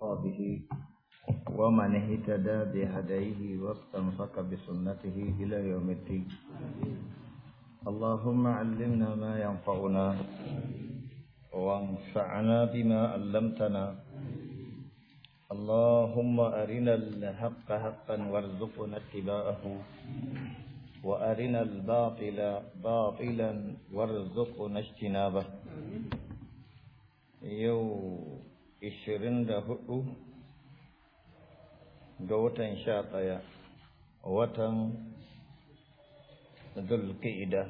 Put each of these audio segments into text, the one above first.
وأصحابه ومن اهتدى بهديه واستنفق بسنته إلى يوم الدين اللهم علمنا ما ينفعنا وانفعنا بما علمتنا اللهم أرنا الحق حقا وارزقنا اتباعه وأرنا الباطل باطلا وارزقنا اجتنابه يو ishirin da hudu ga watan sha ɗaya watan zulkida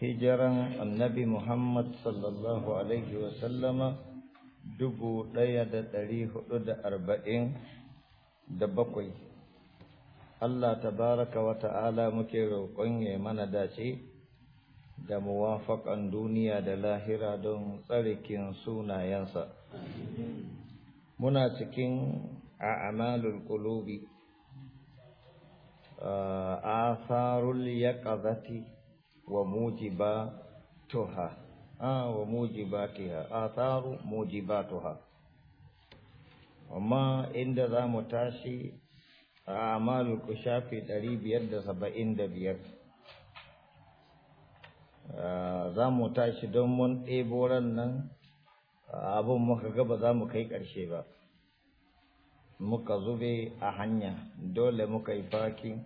hijiran annabi muhammad sallallahu alaihi wasallama dubu ɗaya da ɗari hudu da arba'in da bakwai Allah tabaraka wa ta'ala muke roƙon ya mana dace da muwafaƙan duniya da lahira don tsarkin sunayensa muna cikin a'malul qulubi ya yaqazati wa tuha. a wa muji ba mujibatuha amma inda za mu tashi a amalul shafi ɗari biyar da saba'in da biyar Eh, za mu tashi don mun ɗebo ran nan eh, abin muka gaba za mu kai ƙarshe ba muka zube a hanya dole muka yi faki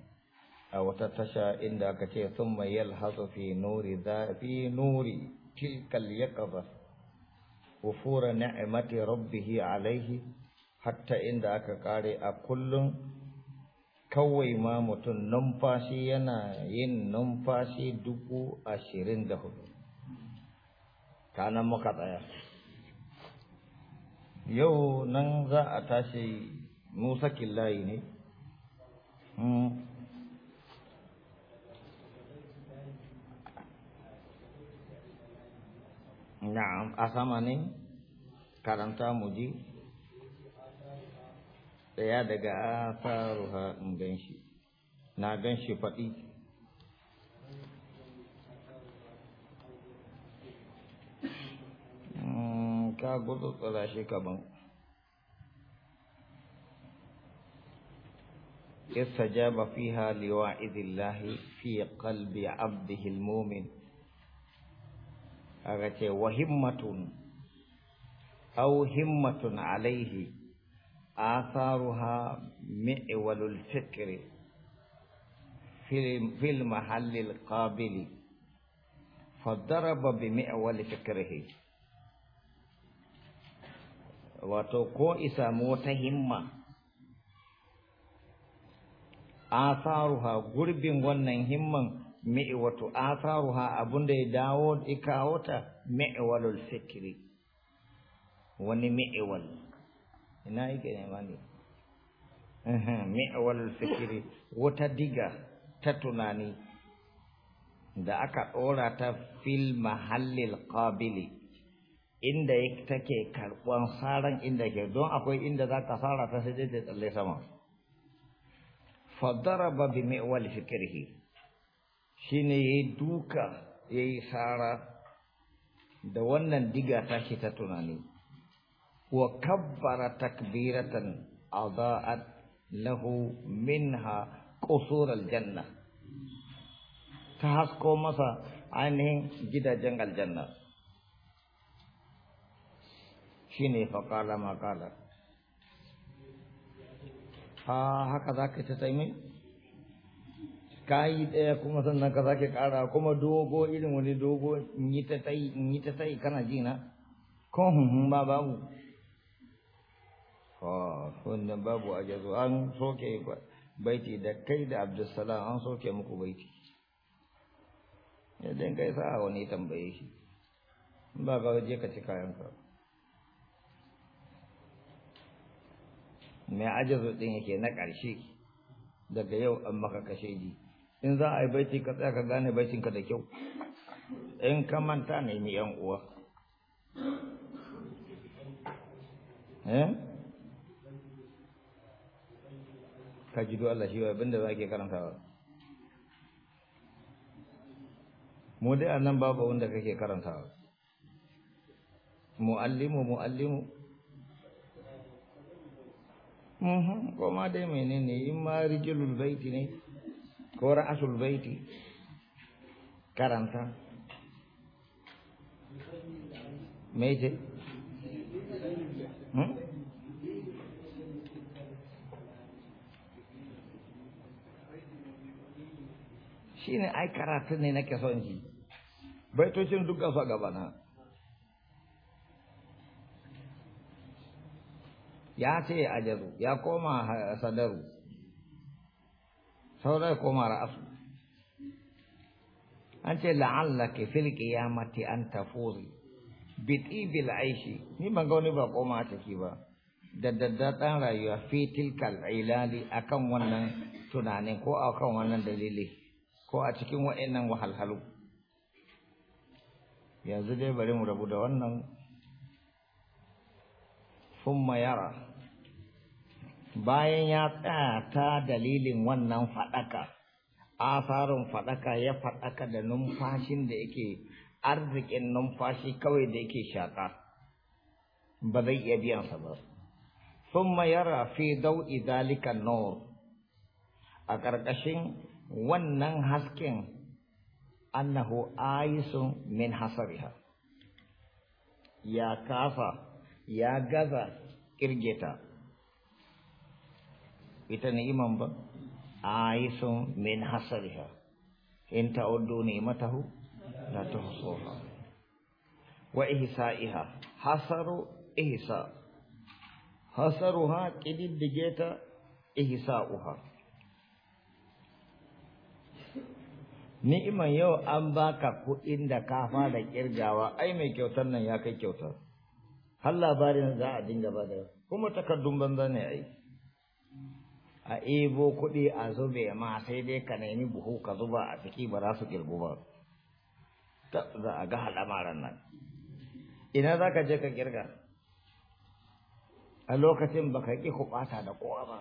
a wata tasha inda aka ce sun mai yalhasu fi nuri za fi nuri tilkal kaza wufura na'imati rabbihi alaihi hatta inda aka kare a kullum kawai ma mutum numfashi yana yin numfashi dubu ashirin da hudu kanan muka tsaya yau nan za a tashi musa killayi ne hmm. na'am a sama ne karanta mu tsaya daga asaruha in gan shi na gan shi faɗi hmm, ka gudu tsara shi kaman استجاب فيها لواعد الله في قلب عبده المؤمن أغتي وهمة أو همة عليه آثارها معول الفكر في المحل القابل فضرب بمعول فكره wato ko isamu wata himma asaruha gurbin wannan himman mi'i wato asaruha abunda ya dawo ya kawo ta mi'walul wani mi'wal ina yake nema ne mi'awal fikiri wata diga ta tunani da aka ɗora ta fil mahallil qabili inda take karɓan saran inda ke don akwai inda za ka fara ta sai dai tsalle sama fadaraba bi mi'awal fikirhi shine yi duka yayi sara da wannan diga ta shi ta tunani وكبر تكبيرة أضاءت له منها قصور الجنة تحسكو مسا عنه جدا جنگ الجنة شيني فقال ما قال ها هكذا كتتايمين kayi ɗaya kuma sannan ka zaki ƙara kuma dogo irin wani dogo in yi ta tai in yi ta tai kana ji na kun ba babu wannan ah, babu a jazo an soke baiti da kai da abdulsalam an soke muku baiti idan kai sa wani tambaye shi ba ga je ka ci kayanka mai ajazu din yake na ƙarshe daga yau an maka kashe ji in za a yi baiti ka tsaya ka gane baitinka da kyau in ka manta ni yan uwa eh ka do Allah shi wa abinda za ke karantawa mu dai a nan babu wanda kake karantawa mu'allimu mu'allimu mhm, ko ma dai menene in ma rijilul baiti ne ko ra'asul baiti karanta me je hmm? shi ne ai karatun ne nake son shi baitocin dukkan su a gabana ya ce ajaru ya koma sadaru saurai koma ra'asu an ce la'allaki fil mati an tafuri bi tibil aishi ni ban ga wani ba koma a ciki ba da daddaɗan rayuwa fi tilkal ilali akan wannan tunanin ko akan wannan dalili ko a cikin wa'annan wahalhalu yanzu dai bari mu rabu da wannan fumma yara bayan ya tsaya ta dalilin wannan fadaka asarin faɗaka ya faɗaka da numfashin da yake arzikin numfashi kawai da yake shaƙa, ba zai iya biyan sa ba Sun mayara fi dau'i zalika nor a ƙarƙashin wannan hasken annahu aisun min hasariha ya kafa ya gaza kirgeta ita ni'iman ba aisun min hasariha in ta'uddu ni'matahu la tuhsuha wa ihsa'iha hasaru ihsa hasaruha kididdige ta ihsa'uha ni'iman yau an baka kuɗin da ka fara kirgawa ai mai kyautar nan ya kai kyautar har labarin za a dinga ba da kuma takardun banza ne ai a ebo kuɗi a zube ma sai dai ka nemi buhu ka zuba a ciki ba za su kirgu ba za a ga halamaran nan ina za ka je ka kirga a lokacin baka ƙi kuɓata da kowa ba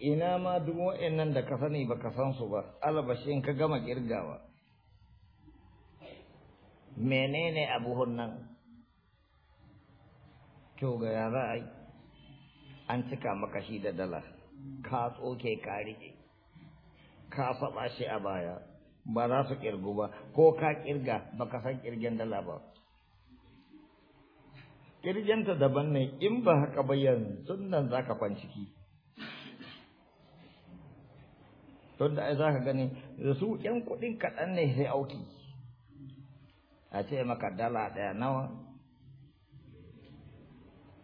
ina ma duk wa'annan da ka sani baka san su ba albashin ka gama girgawa menene abuhun nan to ga ya ai an cika maka shi da dala ka tsoke ka rike ka faɓa shi a baya ba za su kirgu ba ko ka kirga baka san kirgen dala ba ta daban ne in ba haka bayan yanzu nan za ka kwanciki don da ai za ka gani su yan kuɗin kaɗan ne sai auki a ce maka dala ɗaya nawa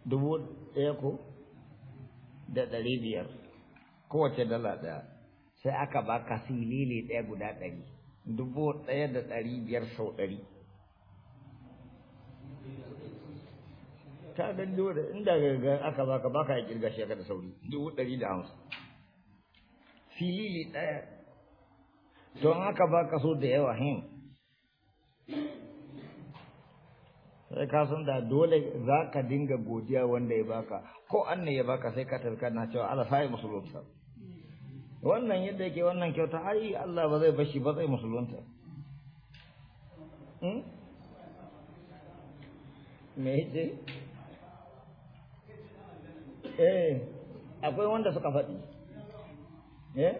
dubu ɗaya ko da ɗari biyar kowace dala ɗaya sai aka ba ka silili ɗaya guda ɗari dubu ɗaya da ɗari biyar sau ɗari ka ga dole inda aka ba ba ka ya ƙirga shekara da sauri dubu ɗari da hamsin filili ɗaya don haka ba ka so da yawa hin sai ka san da dole za ka dinga godiya wanda ya baka ko annan ya baka sai ka tarka na cewa Allah sai musulunta wannan yadda yake wannan kyauta ai Allah ba zai bashi ba zai musulunta hmm? me yake eh akwai wanda suka faɗi eh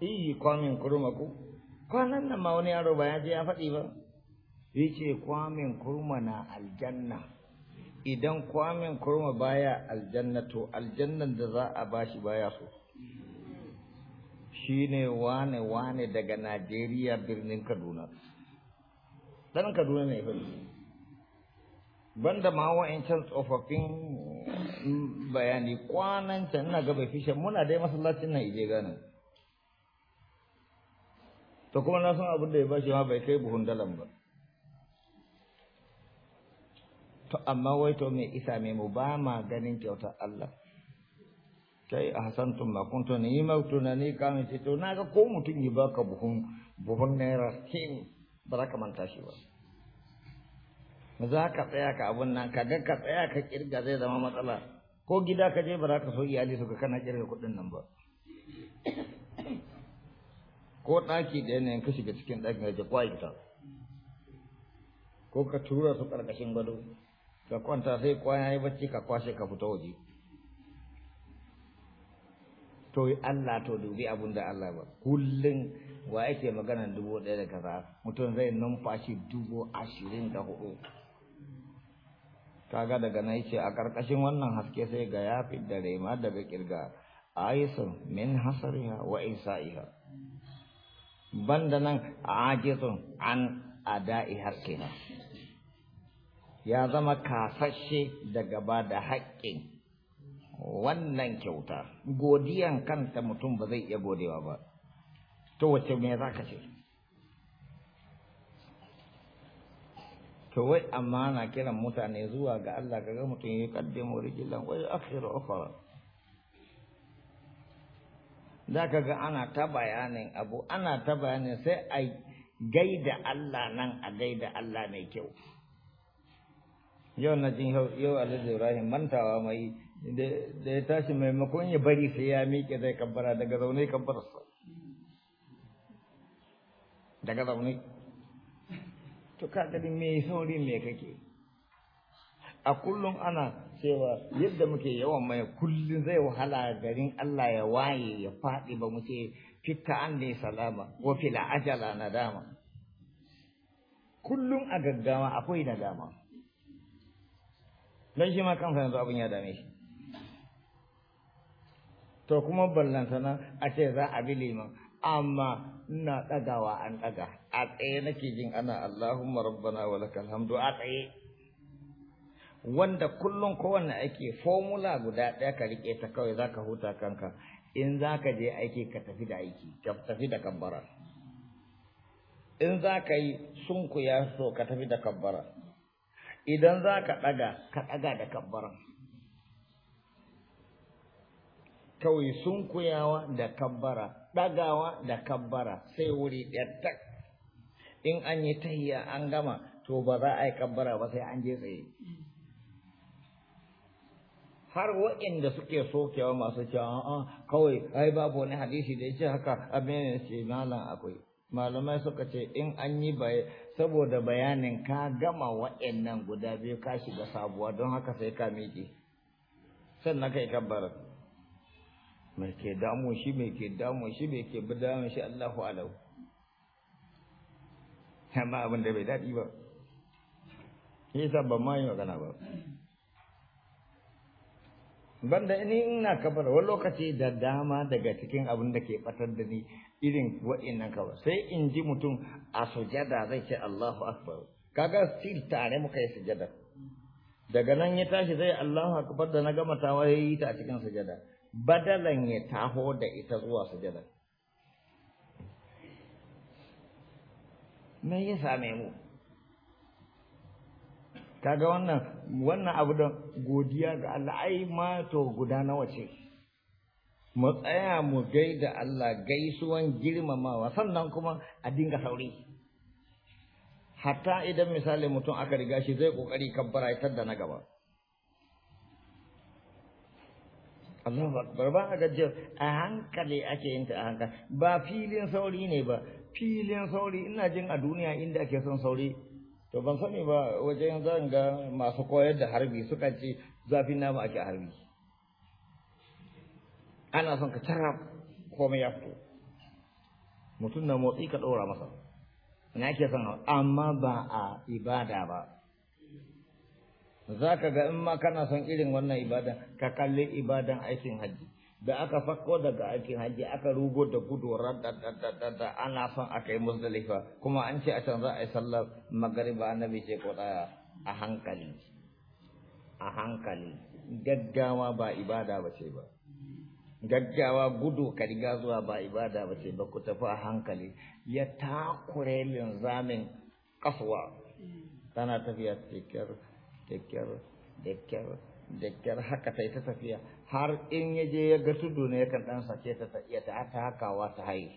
iyi kwamin kurma ku kwanan nan ma wani yaro ba ya je ya faɗi ba yace kwamin kurma na aljanna idan kwamin kurma baya aljanna to aljannan da za a bashi baya so shine wane wane daga Najeriya birnin Kaduna dan Kaduna ne fa banda ma wa'ancan tsofaffin bayani kwanan can na gaba fishe muna dai masallacin nan ije gana to kuma na san abin da ya bashi ma bai kai buhun dalan ba to amma wai to me isa me mu ba ma ganin kyautar Allah kai tun ma to ni na ni kame ce to ga ko mutum ya baka buhun buhun naira sin ba za ka manta shi ba za ka tsaya ka abun nan ka ga ka tsaya ka kirga zai zama matsala ko gida ka je ba za ka so iyali su ka kana kirga kuɗin nan ba ko ɗaki da yanayin ka shiga cikin ɗakin ka ce kwaita ko ka tura su ƙarƙashin gado ka kwanta sai kwaya yi bacci ka kwashe ka fita waje to Allah to dubi abun da Allah ba kullum wa yake maganan dubu ɗaya da kaza mutum zai numfashi dubu ashirin da hudu kaga daga nan yace a karkashin wannan haske sai ga ya da rema da bakirga aisun min hasariha wa isa'iha banda nan ajizun an ada'i harkina ya zama kasashe daga ba da haƙƙin wannan kyauta godiyan kanta mutum ba zai iya godewa ba to wace me za ka ce to wai amma kiran mutane zuwa ga Allah ga mutum ya kaddimu rijilan wai akhiru ukhra Da kaga ga ana ta bayanin abu ana ta bayanin sai a gaida Allah nan a gaida Allah mai kyau yau na jin yau alhaji ibrahim mantawa mai da ya tashi maimakon ya bari sai ya miƙe zai kabbara daga zaune kabbarsa daga zaune to ka gani me saurin me kake a kullum ana cewa yadda muke yawan mai kullum zai wahala garin Allah ya waye ya faɗi ba mu ce fitta an ne salama wa fil ajala nadama kullum a gaggawa akwai nadama dan shi ma kansa yanzu abin ya dame shi to kuma ballantana a ce za a bi liman amma ina ɗagawa an ɗaga a tsaye nake jin ana Allahumma rabbana wa lakal hamdu a tsaye wanda kullum kowanne ake formula guda ɗaya ka riƙe ta kawai za ka huta kanka in za ka je aiki ka tafi da aiki ka tafi da kabbara in za ka yi sunku ya so ka tafi da kabbara idan za ka ɗaga ka ɗaga da kabbara kawai sunkuyawa da kabbara ɗagawa da kabbara sai wuri ɗaya tak in an yi tahiya an gama to ba za a yi kabbara ba sai an je tsaye har waɗanda suke sokewa masu cewa an kawai ai babu wani hadisi da yace haka abin ce malam akwai malamai suka ce in an yi bai saboda bayanin ka gama waɗannan guda biyu ka shiga sabuwa don haka sai ka miƙe sannan kai kabbara mai ke damu shi mai ke damu shi mai ke bi damu shi Allahu alahu amma abin da bai daɗi ba shi yasa ban ma yi magana ba banda ni ina kafar wani lokaci da dama daga cikin abin da ke batar da ni irin wa'innan kawai sai in ji mutum a sujada zai ce Allahu akbar kaga stil tare muka yi sujada daga nan ya tashi zai Allahu akbar da na gama tawaye ta a cikin sujada badalan ya taho da ita zuwa sujada me ya same mu kaga wannan wannan abu da godiya ga Allah ai ma to guda nawa ce mu tsaya mu gaida Allah gaisuwan girmamawa sannan kuma a dinga sauri hatta idan misali mutum aka riga shi zai kokari kabbara ya da na gaba Allah ba ba ga gajiyar a hankali ake yin ta a hankali ba filin sauri ne ba filin sauri ina jin a duniya inda ake son sauri to ban sani ba wajen zan ga masu koyar da harbi suka ce zafin namu ake harbi ana son ka tara komai ya fito mutum na motsi ka ɗora masa ina ake son amma ba a ibada ba za ka ga in ma kana son irin wannan ibada ka kalli ibadan aikin hajji da aka fakko daga aikin hajji aka rugo da gudu da ana son aka yi musdalifa kuma an ce a can za a yi sallar magariba annabi ce ko tsaya a hankali a hankali gaggawa ba ibada ba ce ba gaggawa gudu ka riga zuwa ba ibada ba ce ba ku tafi a hankali ya takure zamin kasuwa tana tafiya cikin kyar da kyar da kyar da haka ta tafiya har in ya je ya ga tudu ne yakan dan sake ta ta iya ta hakawa ta haye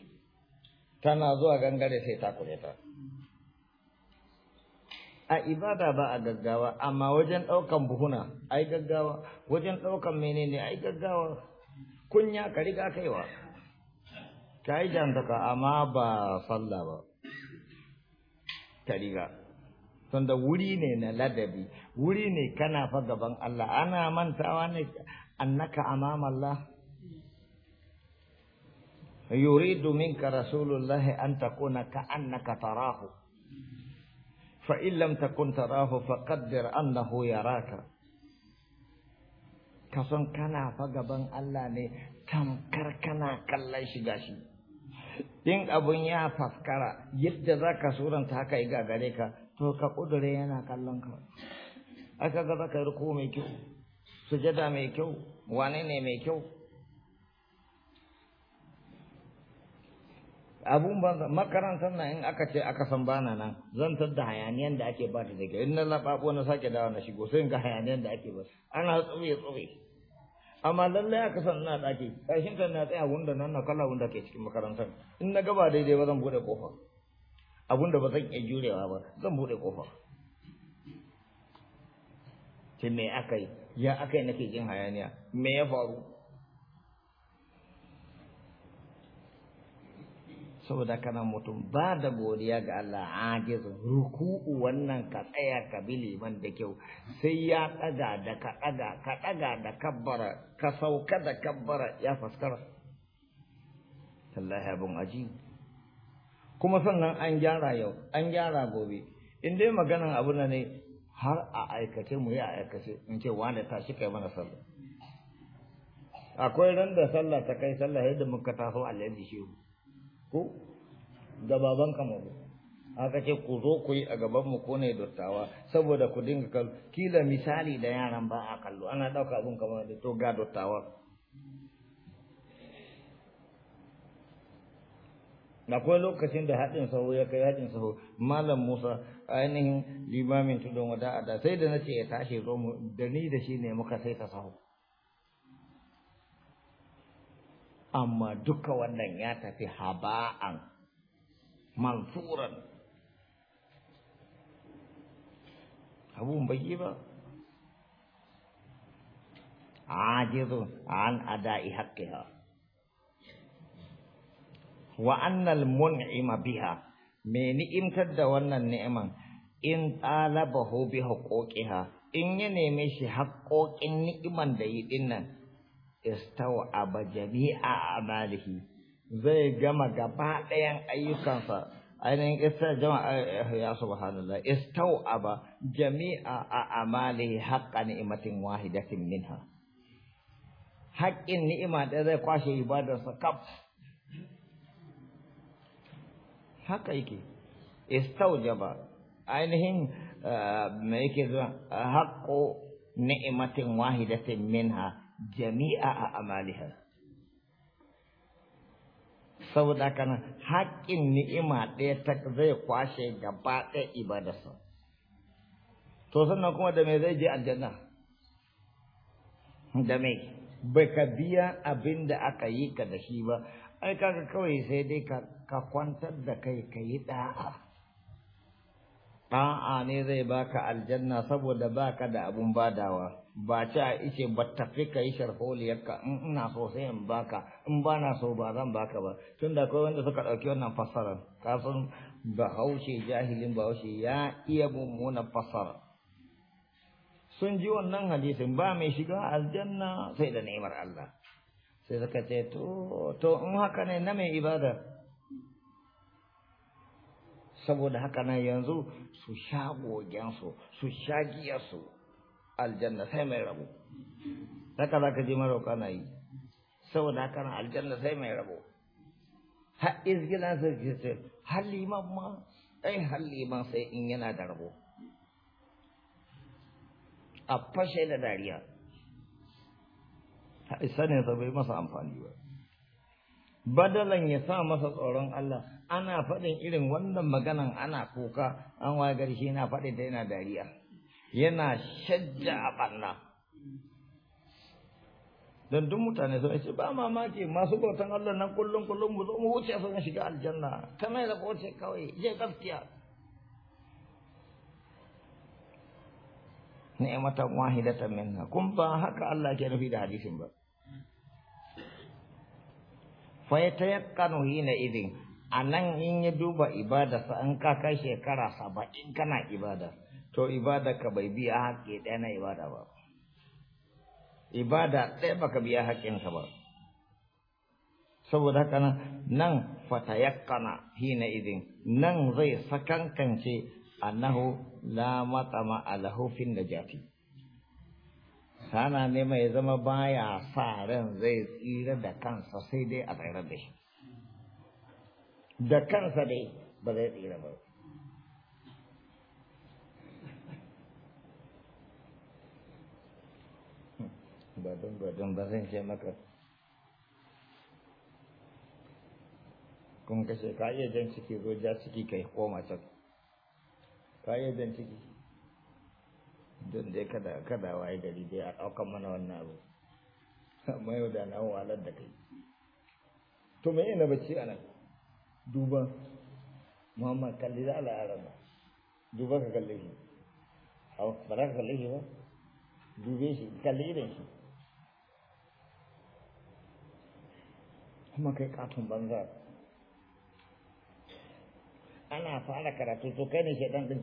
tana zuwa gangare sai ta kure ta a ibada ba a gaggawa amma wajen ɗaukan buhuna ai gaggawa wajen ɗaukan menene ai gaggawa kunya ka riga kaiwa ta yi jantaka amma ba sallah ba ta riga tunda wuri ne na ladabi wuri ne kana fa gaban Allah ana mantawa ne annaka amama Allah yuridu minka Rasulullah an takuna ka annaka tarahu fa in lam takun tarahu faqaddir annahu yaraka kasan kana fa gaban Allah ne tamkar kana kallon shi gashi in abun ya faskara yadda zaka suranta haka ya gagare ka to ka kudure yana kallon ka aka ga ka yi mai kyau sujada mai kyau wane ne mai kyau abun ban makarantar nan in aka ce aka san bana nan zan tadda hayaniyan da ake ba ta daga in na laɓaɓo na sake dawa na shigo sai in ga hayaniyan da ake ba ana tsube tsube amma lallai aka san ina ɗaki ƙarshen ta na tsaya wanda nan na kala wanda ke cikin makarantar in na gaba daidai ba zan bude ƙofa abun da ba zan iya jurewa ba zan bude ƙofa ce me aka yi ya akai nake jin hayaniya me ya faru saboda kana mutum ba da godiya ga Allah ajiz ruku'u wannan ka tsaya ka bi liman da kyau sai ya ɗaga da ka ɗaga ka ɗaga da kabbara ka sauka da kabbara ya faskara wallahi abun aji kuma sannan an gyara yau an gyara gobe in dai maganan abu ne har a aikace mu yi a aikace in ce wane ta shi kai mana sallah akwai ran da sallah ta kai sallah yadda muka taso alhaji shi ko da baban kamaru aka ce ku zo ku yi a gaban mu ko ne dottawa saboda ku dinga kallo kila misali da yaran ba a kallo ana ɗauka abin kamar da to ga dottawa akwai lokacin da haɗin sahu ya kai haɗin sahu malam musa ainihin limamin tudon wada a sai da nace ya tashi zo mu da ni da shi ne muka sai ta sahu amma duka wannan ya tafi haba'an mansuran abun bai yi ba عاجز عن أداء حقها وأن المنعم بها me ni'imtar da wannan ni'iman in talabahu bi haqqoqiha in ya neme shi haqqoqin ni'iman da yi dinnan istawa aba jami'a amalihi zai gama gaba ɗayan ayyukansa ainihin istawa jama'a eh, ya subhanallah Istaw'a aba jami'a a amalihi haqqa ni'matin wahidatin minha haƙƙin ni'ima da zai kwashe ibadarsa kaf haka yake istaujaba ainihin eh, me yake zuwa haqqu ni'matin wahidatin minha jami'a a amaliha saboda kana haƙƙin ni'ima ɗaya ta zai kwashe gaba ɗaya ibadarsa to sannan kuma da me zai je aljanna da me baka biya abin da aka yi ka da shi ba ai kaga kawai sai dai ka ka kwantar da kai ka yi ɗa'a ɗa'a ne zai baka aljanna saboda baka da abun badawa ba ce a ice ba tafi ka yi sharholiyarka in ina so sai in baka in ba na so ba zan baka ba tun da akwai wanda suka ɗauki wannan fassarar kasan bahaushe jahilin bahaushe ya iya mummunan fassara sun ji wannan hadisin ba mai shiga aljanna sai da ni'imar Allah sai suka ce to to in haka ne na mai ibada saboda haka nan yanzu su sha gogensu su sha giyarsu aljanna sai mai rabo haka za ka je marauka na yi saboda haka nan aljanna sai mai rabo har izgina sai ke ce har liman ma ai har liman sai in yana da rabo a fashe da dariya sanin sa bai masa amfani ba badalan ya sa masa tsoron Allah ana faɗin irin wannan maganan ana kuka an waye gari shi yana faɗin da yana dariya yana shajja a ɓanna don duk mutane sun ce ba mamaki masu bautan Allah nan kullum kullum mu zo mu wuce sun shiga aljanna kamar da ko ce kawai je gaskiya ni'matan wahidatan minna kun ba haka Allah ke nufi da hadisin ba fa yatayaqqanu hina idin a nan in ya duba ibadarsa an ka kai shekara saba'in kana ibada to ibada ka bai biya haƙƙi ɗaya na ibada ba ibada ɗaya baka biya haƙƙinka ba saboda haka nan nan hi hina izin, nan zai sakankance annahu la a alahu da jafi. sana ne mai zama baya sa ran zai tsira da kansa sai dai a tsayar da shi da kansa dai ba zai tsira ba ba don ba don ba zan ce maka kun kashe ka iya jan ciki zo ja ciki kai koma can ka iya jan ciki don dai kada kada waye gari dai a ɗaukan mana wannan abu amma yau da na wahalar da kai to me ina bacci a nan duba muhammad kalli da ala yaran duba ka kalli shi hau ba za ka kalli shi ba dube shi kalli idan shi kuma kai katon banza ana fara karatu to kai ne shaidan din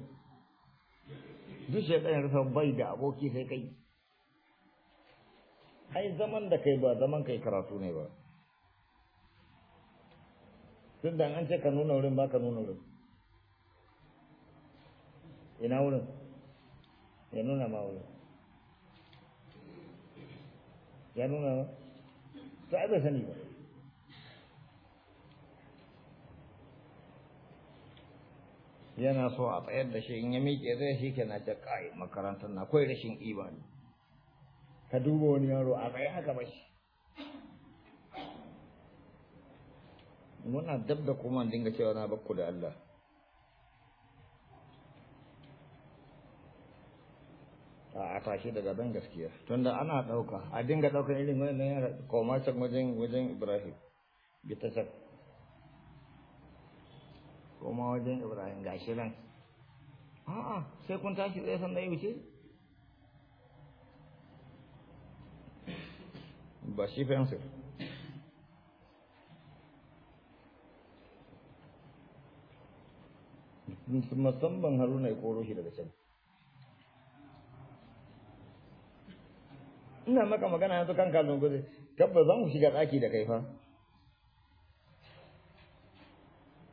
duk shaidan rufe bai da aboki sai kai ai zaman da kai ba zaman kai karatu ne ba tun da an ce ka nuna wurin ba ka nuna wurin ina wurin ya nuna ma wurin ya nuna ma to ai bai sani ba yana so a tsayar da shi in ya miƙe zai shi ke na ce yi makarantar na kawai rashin imani ka duba wani yaro a tsaye haka ba shi muna dab da kuma dinga cewa na bakku da Allah a tashi daga ban gaskiya tunda ana ɗauka a dinga ɗaukan irin wannan yara koma can wajen wajen Ibrahim bi ta can koma wajen Ibrahim gashi nan a'a sai kun tashi tsaye sannan yau wuce. ba shi fensir musamman haruna ya koro shi daga can ina maka magana yanzu kan kalon gudu kabba za mu shiga tsaki da kai fa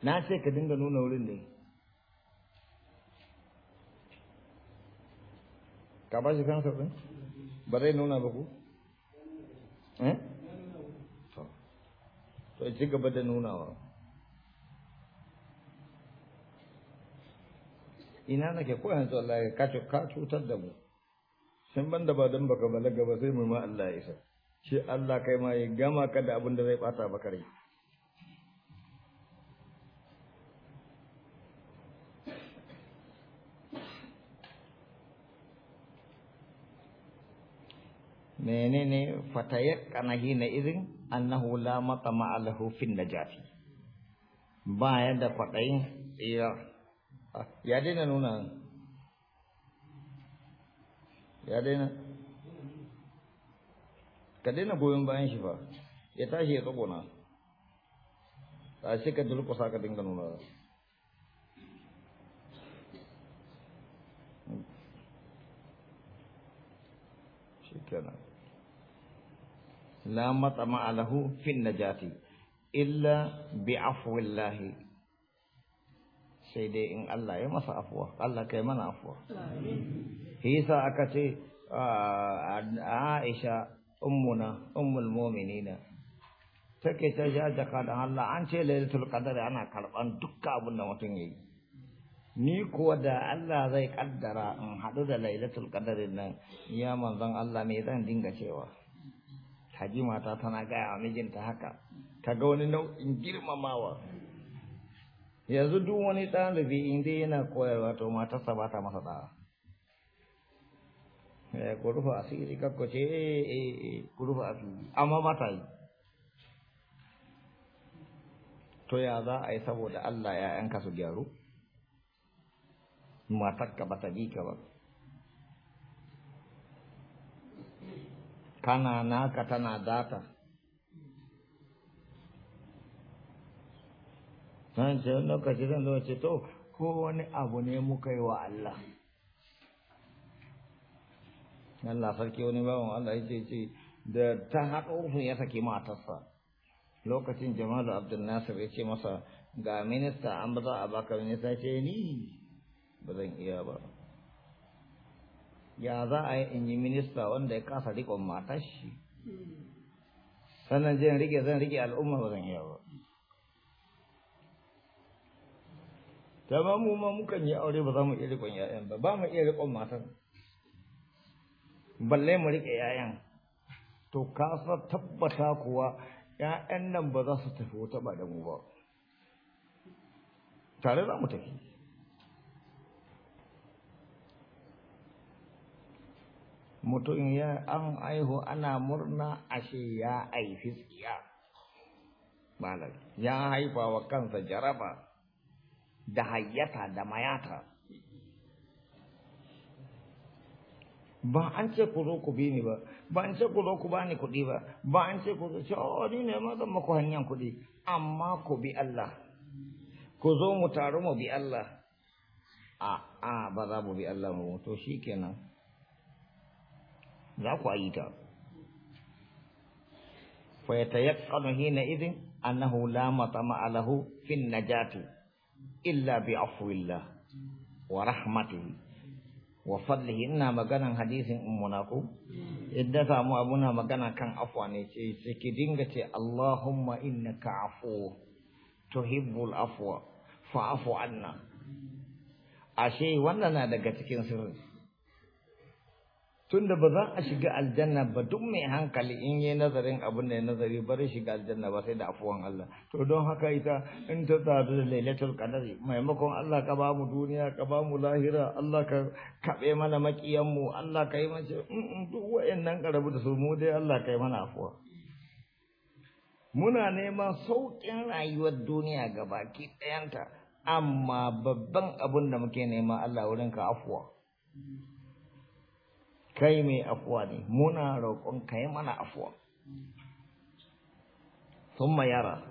na ce ka dinga nuna wurin ne ka ba shi kansa ɗin ba zai nuna ba ku eh? to ci gaba da nunawa ina nake ko yanzu Allah ya ka cutar da mu sun ban da ba dan baka balaga ba sai mu ma Allah ya isa shi Allah kai ma ya gama ka da abin da zai bata maka rai menene fatayakkana hina izin annahu la matama lahu fin najati baya da kwadayin iya. ya daina nuna ya daina ka daina goyon bayan shi fa ya tashi ya tsagona a sai ka durkusa ka dinga nuna shi alahu illa bi afwillahi sai dai in Allah ya masa afuwa Allah kai mana afuwa hisa aka ce Aisha ummuna ummul mu'minina take ta ja jaka da Allah an ce lailatul qadar ana karban dukka abin da mutum yayi ni kuwa da Allah zai kaddara in hadu da lailatul qadar nan ya manzon Allah me zan dinga cewa Hajima mata tana gaya mijinta haka Ka ga wani nau'in girmamawa yanzu duk wani ɗalibi inda yana koyarwa to matarsa ba ta masa ɗa'a eh, ku rufe asiri kakko ce eh, eh, eh ku rufe asiri amma ba ta yi to ya za a yi saboda Allah ya yanka su gyaru matakka ba ta bi ka ba kana naka tana data nan ce lokaci zan zo ce to ko wani abu ne muka yi wa Allah Allah sarki wani bawan Allah yake ce da ta haɗo ya saki matarsa lokacin Jamal Abdul Nasir ya ce masa ga minista an ba za a baka minista ce ni ba zan iya ba ya za a yi in yi minista wanda ya kasa riƙon matar shi hmm. sannan zan rike zan rike al'umma ba zan iya ba dama mu ma mukan yi aure ba za mu iya riƙon ƴaƴan ba ba mu iya riƙon matan balle mu riƙe ƴaƴan to ka sa tabbata kuwa ƴaƴan nan ba za su tafi wata ba da mu ba tare za mu tafi mutum ya an aihu ana murna ashe ya aifi tsiya malam ya haifa wa kansa jaraba da hayyata da mayata ba an ce ku zo ku bi ni ba ba an ce ku zo ku bani kuɗi ba ba an ce ku zo ce o ni ne ma zan maku hanyar kuɗi amma ku bi Allah ku zo mu taru mu bi Allah a a ba za mu bi Allah mu to shikenan za ku ayi fa yatayaqqanu hina idin annahu la matama lahu fin najati illa bi afwillah wa rahmatihi wa fadlihi ina maganan hadisin ummunaku in idda samu abuna magana kan afwa ne ce sai ki dinga ce Allahumma innaka afu tuhibbul afwa afu anna ashe wannan na daga cikin sirri tunda ba za a shiga aljanna ba duk mai hankali in yi nazarin abin da ya nazari bari shiga aljanna ba sai da afuwan Allah to don haka ita in ta tsadu da lailatul qadari maimakon Allah ka ba mu duniya ka ba mu lahira Allah ka kabe mana makiyan mu Allah ka yi mace duk wayannan karabu da su mu dai Allah ka yi mana afuwa muna neman sauƙin rayuwar duniya ga baki ɗayanta amma babban abin da muke nema Allah wurinka afuwa kai mai afuwa ne muna roƙon kai mana afuwa sun yara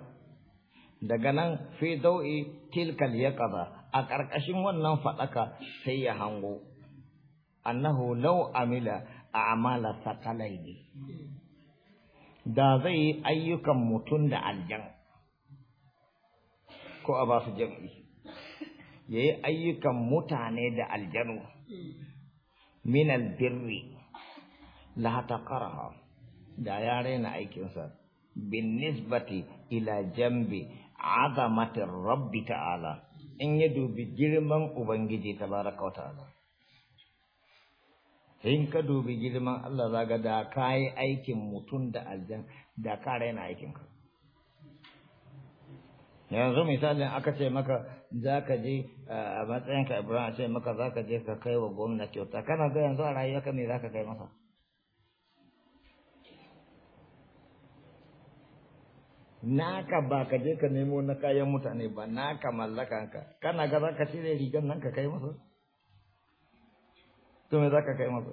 daga nan fi dau'i tilkal yaqaba a ƙarƙashin wannan faɗaka sai ya hango annahu law amila a'mala Sakalai ne. da zai yi ayyukan mutum da aljan ko a ba su jam'i yi ayyukan mutane da aljanu min birri la qaraha da ya raina aikinsa bin nisbati ila jambi azamatin rabbi ta'ala in ya dubi girman ubangiji tabaraka wa ta'ala in ka dubi girman Allah zaga da kayi aikin mutum da aljan da ka raina ka. yanzu misalin aka ce maka za ka je a matsayinka ibrahim a ce maka za ka je ka kai wa gwamna kyauta kana ga yanzu a rayuwarka me za ka kai masa naka ba ka je ka nemo na kayan mutane ba naka mallakanka kana ga za ka cire rigar nan ka kai masa to me za ka kai masa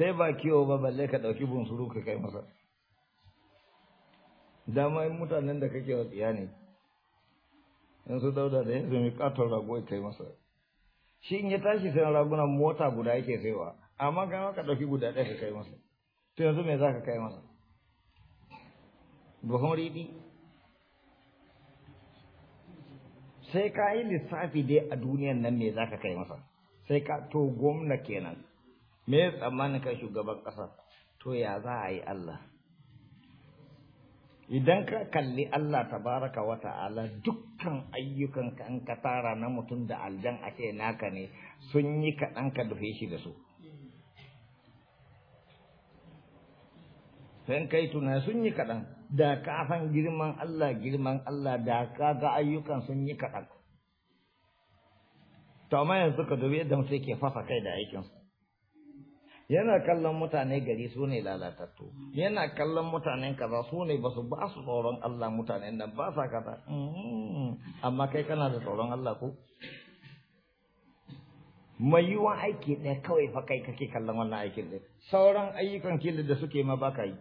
kai ba kiwo ba balle ka ɗauki bunsuru ka kai masa dama mutanen da kake wa tsiya ne in su dauda da yanzu mai katon rago ya kai masa shi in ya tashi sayan raguna mota guda yake saiwa amma ga ka dauki guda ɗaya ka kai masa to yanzu me za ka kai masa buhun riɗi sai ka yi lissafi dai a duniyan nan me za ka kai masa sai ka to gwamna kenan me tsammanin ka shugaban ƙasa to ya za a yi Allah idan ka kalli Allah Ta-baraka wa ta'ala dukkan ayyukan ka an na mutum da aljan a ce naka ne sun yi kaɗan ka dufe shi da su sai kai tuna sun yi kaɗan da kafan girman Allah girman Allah da ka ayyukan sun yi kaɗan Ta amma yanzu ka dubi yadda ke yake fasa kai da aikinsu yana kallon mutane gari su ne lalatattu yana kallon mutanen kaza su ne ba su ba su tsoron Allah mutanen nan ba sa kaza mm-hmm. amma kai kana da tsoron Allah ko mai wa aiki ɗaya kawai fa kai kake kallon wannan aikin ɗin sauran ayyukan kila da suke ma baka yi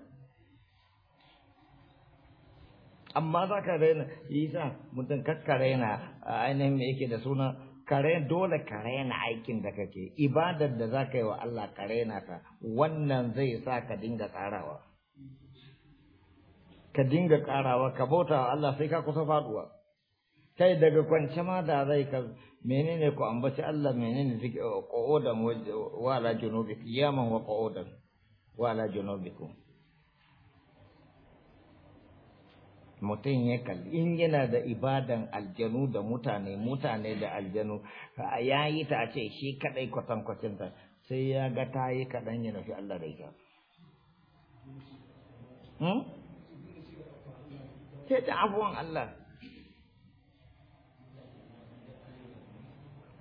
amma za ka raina yi sa mutum kakka raina ainihin me yake da suna kare dole kare na aikin da kake ibadar da za ka yi wa Allah kare na ta wannan zai sa ka dinga karawa ka dinga karawa ka bauta wa Allah sai ka kusa faduwa kai daga kwance ma da zai ka menene ku ambaci Allah menene ko odan oh, wala junubi yaman wa qodan wala junubikum mutum ya kalli in yana da ibadan aljanu da mutane mutane da aljanu ya yi ta a ce shi kaɗai kwatankwacin ta sai ya ga ta yi kaɗan ya nufi Allah da ita. Hmm? Sai ta abuwan Allah.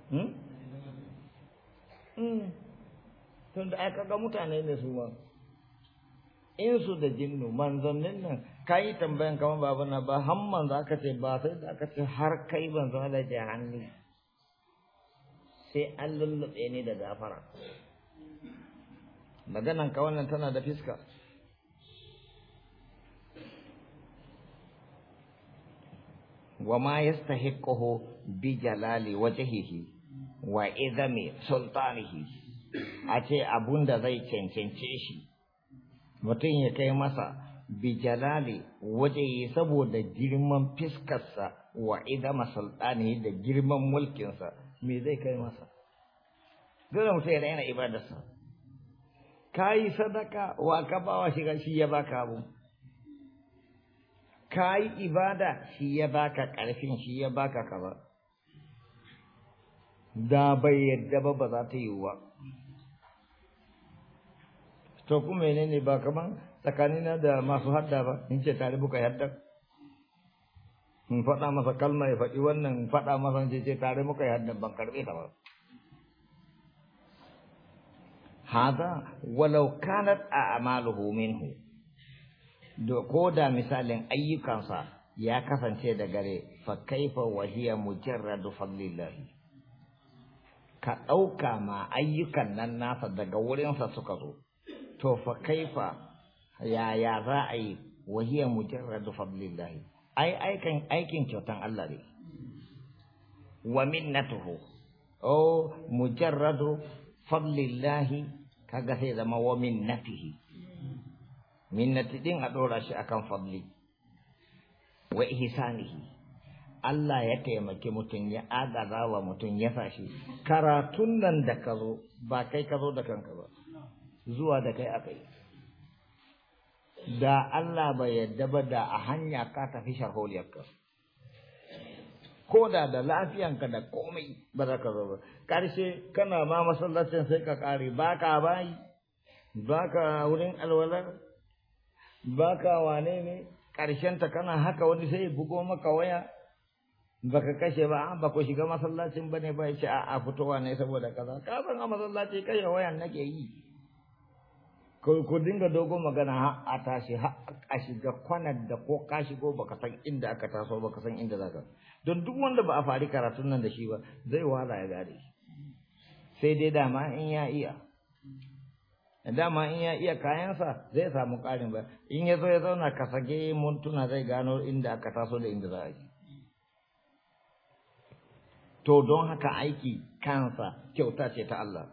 Hmm? Hmm. Tunda aka ga mutane ne su ma, In su da jinnu manzannin nan kai tambayan kama babu na ba hamman za ka ce ba sai za ka ce har kai ban zama da hannu sai an lullube ni da gafara maganan ka wannan tana da fiska wa ma kohu bi jalali wajhihi wa izami sultanihi a ce abun da zai cancance shi mutum ya kai masa bijalali waje saboda girman fiskarsa wa idama sultani da girman mulkinsa me zai kai masa dole mutum ya daina ibadarsa ka yi sadaka wa ka wa shiga shi ya baka abu ka yi ibada shi ya baka ƙarfin shi ya baka kaza da bai yadda ba ba za ta yi wa to kuma ne ba kaman tsakanina da masu hadda ba in ce tare muka yadda, in faɗa masa kalma ya faɗi wannan faɗa masa ce ce tare muka yadda, ban karɓe ta ba hada walau kanat a amaluhu minhu ko da misalin ayyukansa ya kasance da gare fa kaifa wa hiya mujarradu fadlillah ka ɗauka ma ayyukan nan nasa daga wurinsa suka zo to fa kaifa yaya za a yi wahiyar mujarradu ai aikin aikin kyautan Allah ne wa minnatuhu o mujarradu fadlillahi kaga sai zama wa minnatihi minnati din a dora shi akan fadli wa ihsanihi Allah ya taimaki mutum ya agaza wa mutum ya fashi karatun nan da ka zo ba kai ka da kanka ba zuwa da kai aka yi da Allah bai yadda ba da a hanya ka tafi sharholiyarka ko da da lafiyanka da komai ba za ka zo ba ƙarshe kana ma masallacin sai ka ƙare ba ka bayi ba ka wurin alwalar ba ka wane ne ƙarshenta kana haka wani sai bugo maka waya Ba ka kashe ba ba ku shiga masallacin ba ne ba ya ce a fitowa ne saboda kaza ka san a masallaci kashe wayan nake yi ku dinga dogon magana har a tashi har a shiga kwanar da ko ka shigo baka san inda aka taso baka san inda zaka don duk wanda ba a fari karatun nan da shi ba zai wahala ya gare sai dai dama in ya iya dama in ya iya kayansa zai samu karin ba in ya zo ya zauna ka sage mintuna zai gano inda aka taso da inda za a yi to don haka aiki kansa kyauta ce ta Allah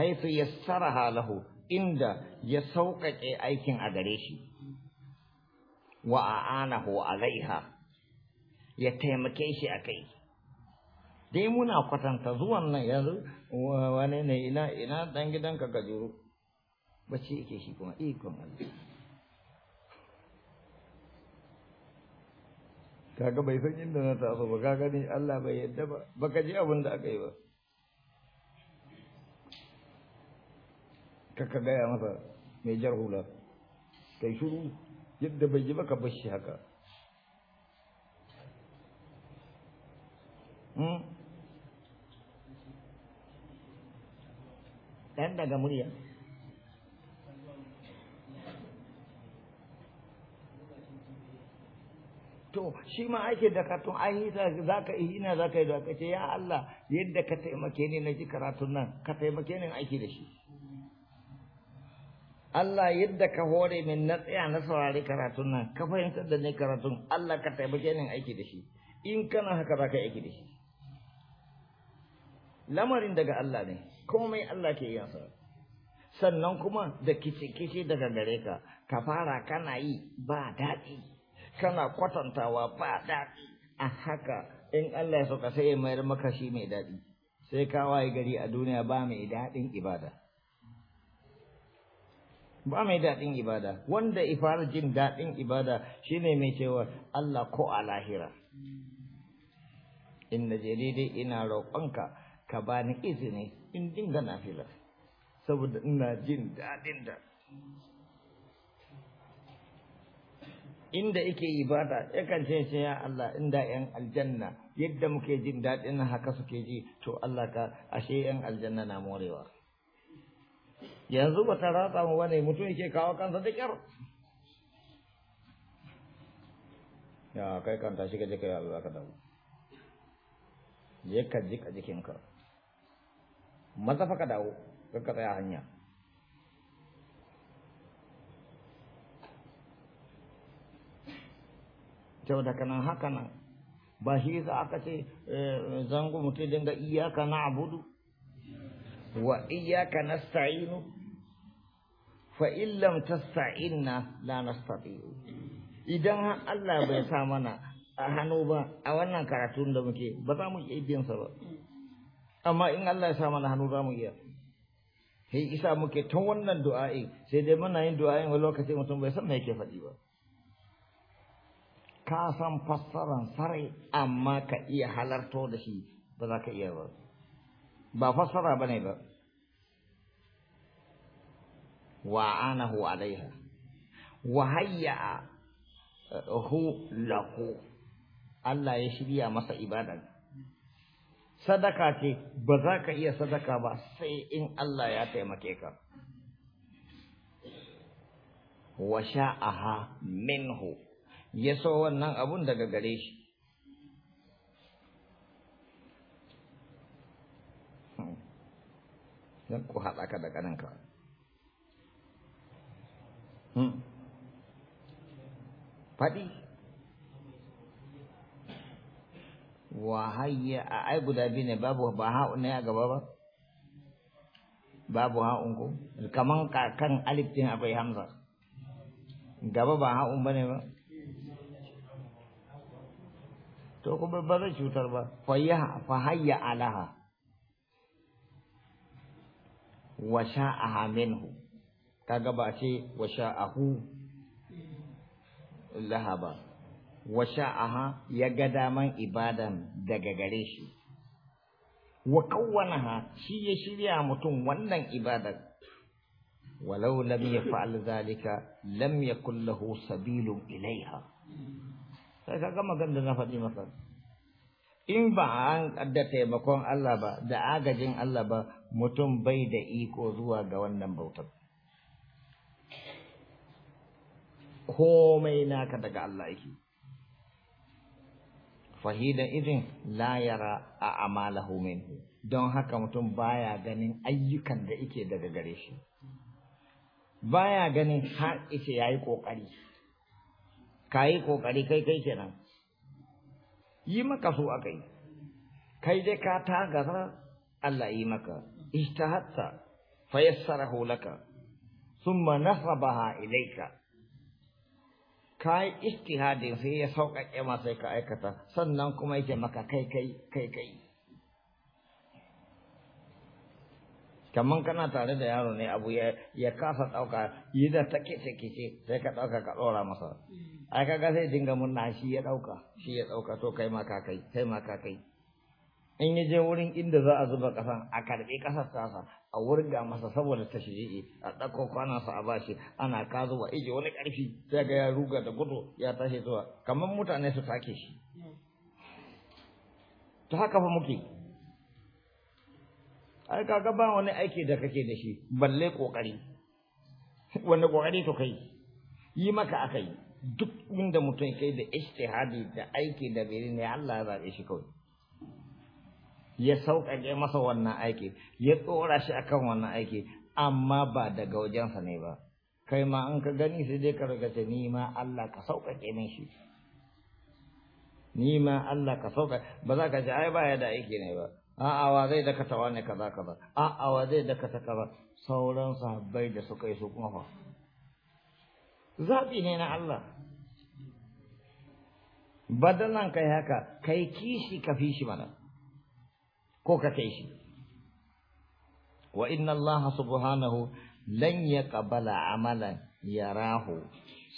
ya yassaraha lahu inda ya sauƙaƙe aikin a gare shi wa a'anahu alaiha ya taimake shi a kai dai muna kwatanta zuwan nan yanzu wane ne ina ina dan gidanka gajuru bacci yake shi kuma ikon Allah kaga bai san inda na taso ba kaga ni Allah bai yadda ba baka ji abin da aka yi ba kaka gaya masa mai jar hula kai shuru yadda bai ji baka bar shi haka hmm? ɗan daga murya to shi ma ake da katon an yi ta za ka yi ina za ka yi da ka ce ya Allah yadda ka taimake ni na ji karatun nan ka taimake ni aiki da shi Allah yadda ka hore min na tsaya na saurari karatun nan ka fahimtar da ni karatun Allah ka taimake ni aiki da shi in kana haka za ka aiki da shi lamarin daga Allah ne komai Allah ke yin sa sannan kuma da kici-kici daga gare ka ka fara kana yi ba daɗi kana kwatantawa ba daɗi a haka in Allah ya sauka sai ya mayar maka shi mai daɗi sai ka waye gari a duniya ba mai daɗin ibada ba mai daɗin ibada wanda ifara jin daɗin ibada shine mai cewa Allah ko a lahira in na je ina roƙonka ka bani izini in dinga nafila saboda ina jin daɗin da inda ike ibada yakan ce shi ya Allah inda yan aljanna yadda muke jin daɗin haka suke ji to Allah ka ashe yan aljanna na morewa yanzu ba ta ratsa mu bane mutum yake kawo kansa da kyar ya kai kan tashi ka je kai Allah ka dawo je ka ji ka jikinka maza fa ka dawo ka ka tsaya hanya sau da kanan haka nan ba shi za aka ce eh, zango mutum dinga iyaka na abudu wa iyaka na nasta'inu fa illam tasta'inna la nastati'u idan Allah bai sa mana a hannu ba a wannan karatun da muke ba za mu iya biyan sa ba amma in Allah ya sa mana hannu za mu iya sai isa muke ta wannan du'a'i sai dai muna yin du'a'in wani lokaci mutum bai san me yake faɗi ba ka san fassaran sarai amma ka iya halarto da shi ba za ka iya ba ba fassara bane ba alaiha wa hayya hu lahu Allah ya shirya masa ibada sadaka ce ba za ka iya sadaka ba sai in Allah ya taimake ka wa sha'aha minhu ya so wannan abun daga gare shi dan ku haɗa ka da kaninka faɗi hmm. wahayya a ai guda biyu ne babu ba ha'un ne a gaba ba babu ha'un ko kaman kan alif akwai hamza gaba ba ha'un ne ba to kuma ba zai cutar ba fa hayya alaha wa sha'aha minhu Ka ba ce wa sha'ahu lahaba. wa sha'aha ya ga daman ibadan daga gare shi wa kawwanaha shi ya shirya mutum wannan ibadar walau lam yaf'al zalika lam yakul lahu sabilun ilaiha sai na faɗi maka in ba an da taimakon Allah ba da agajin Allah ba mutum bai da iko zuwa ga wannan bautar komai naka daga Allah yake fahida idin la yara a amalahu minhu don haka mutum baya ganin ayyukan da yake daga gare shi baya ganin har yi yayi kokari kai kokari kai kai kenan yi maka so akai kai dai ka ta gaba Allah yi maka ijtahatta fayassarahu laka thumma nasabaha ilayka ka yi ijtihadin sai ya sauƙaƙe ma sai ka aikata sannan kuma yake maka kai kai kai kai kamar kana tare da yaro ne abu ya ya kasa ɗauka yi da take take ce sai ka ɗauka ka ɗora masa mm. ai kaga sai dinga murna shi ya ɗauka shi ya ɗauka to kai ma ka kai kai ma ka kai in ya je wurin inda za a zuba ƙasan a karɓi ƙasar tasa a wurga masa saboda ta tashri'i a ɗauko sa a bashi ana kazuwa ije wani ƙarfi sai ga ya ruga da gudu ya tashi zuwa kamar mutane su take shi ta haka fa muke ai kaga ba wani aiki da kake da shi balle kokari wani kokari to kai yi maka akai duk inda mutum kai da ijtihadi da aiki da bere ne Allah ya zabe shi kawai ya sauƙaƙe masa wannan aiki ya tsora shi kan wannan aiki amma ba daga wajensa ne ba kai ma an ka gani sai dai ka riga ta ni ma Allah ka sauƙaƙe min shi ni ma Allah ka sauƙaƙe ba za ka ce ai ya da aiki ne ba a'a wa zai ta wani kaza kaza a'a wa zai ta kaza sauran sahabbai da suka yi su kuma fa zaɓi ne na Allah badalan kai haka kai kishi ka fi shi mana ko ka kai shi wa inna Allah subhanahu lan yaqbala amalan yarahu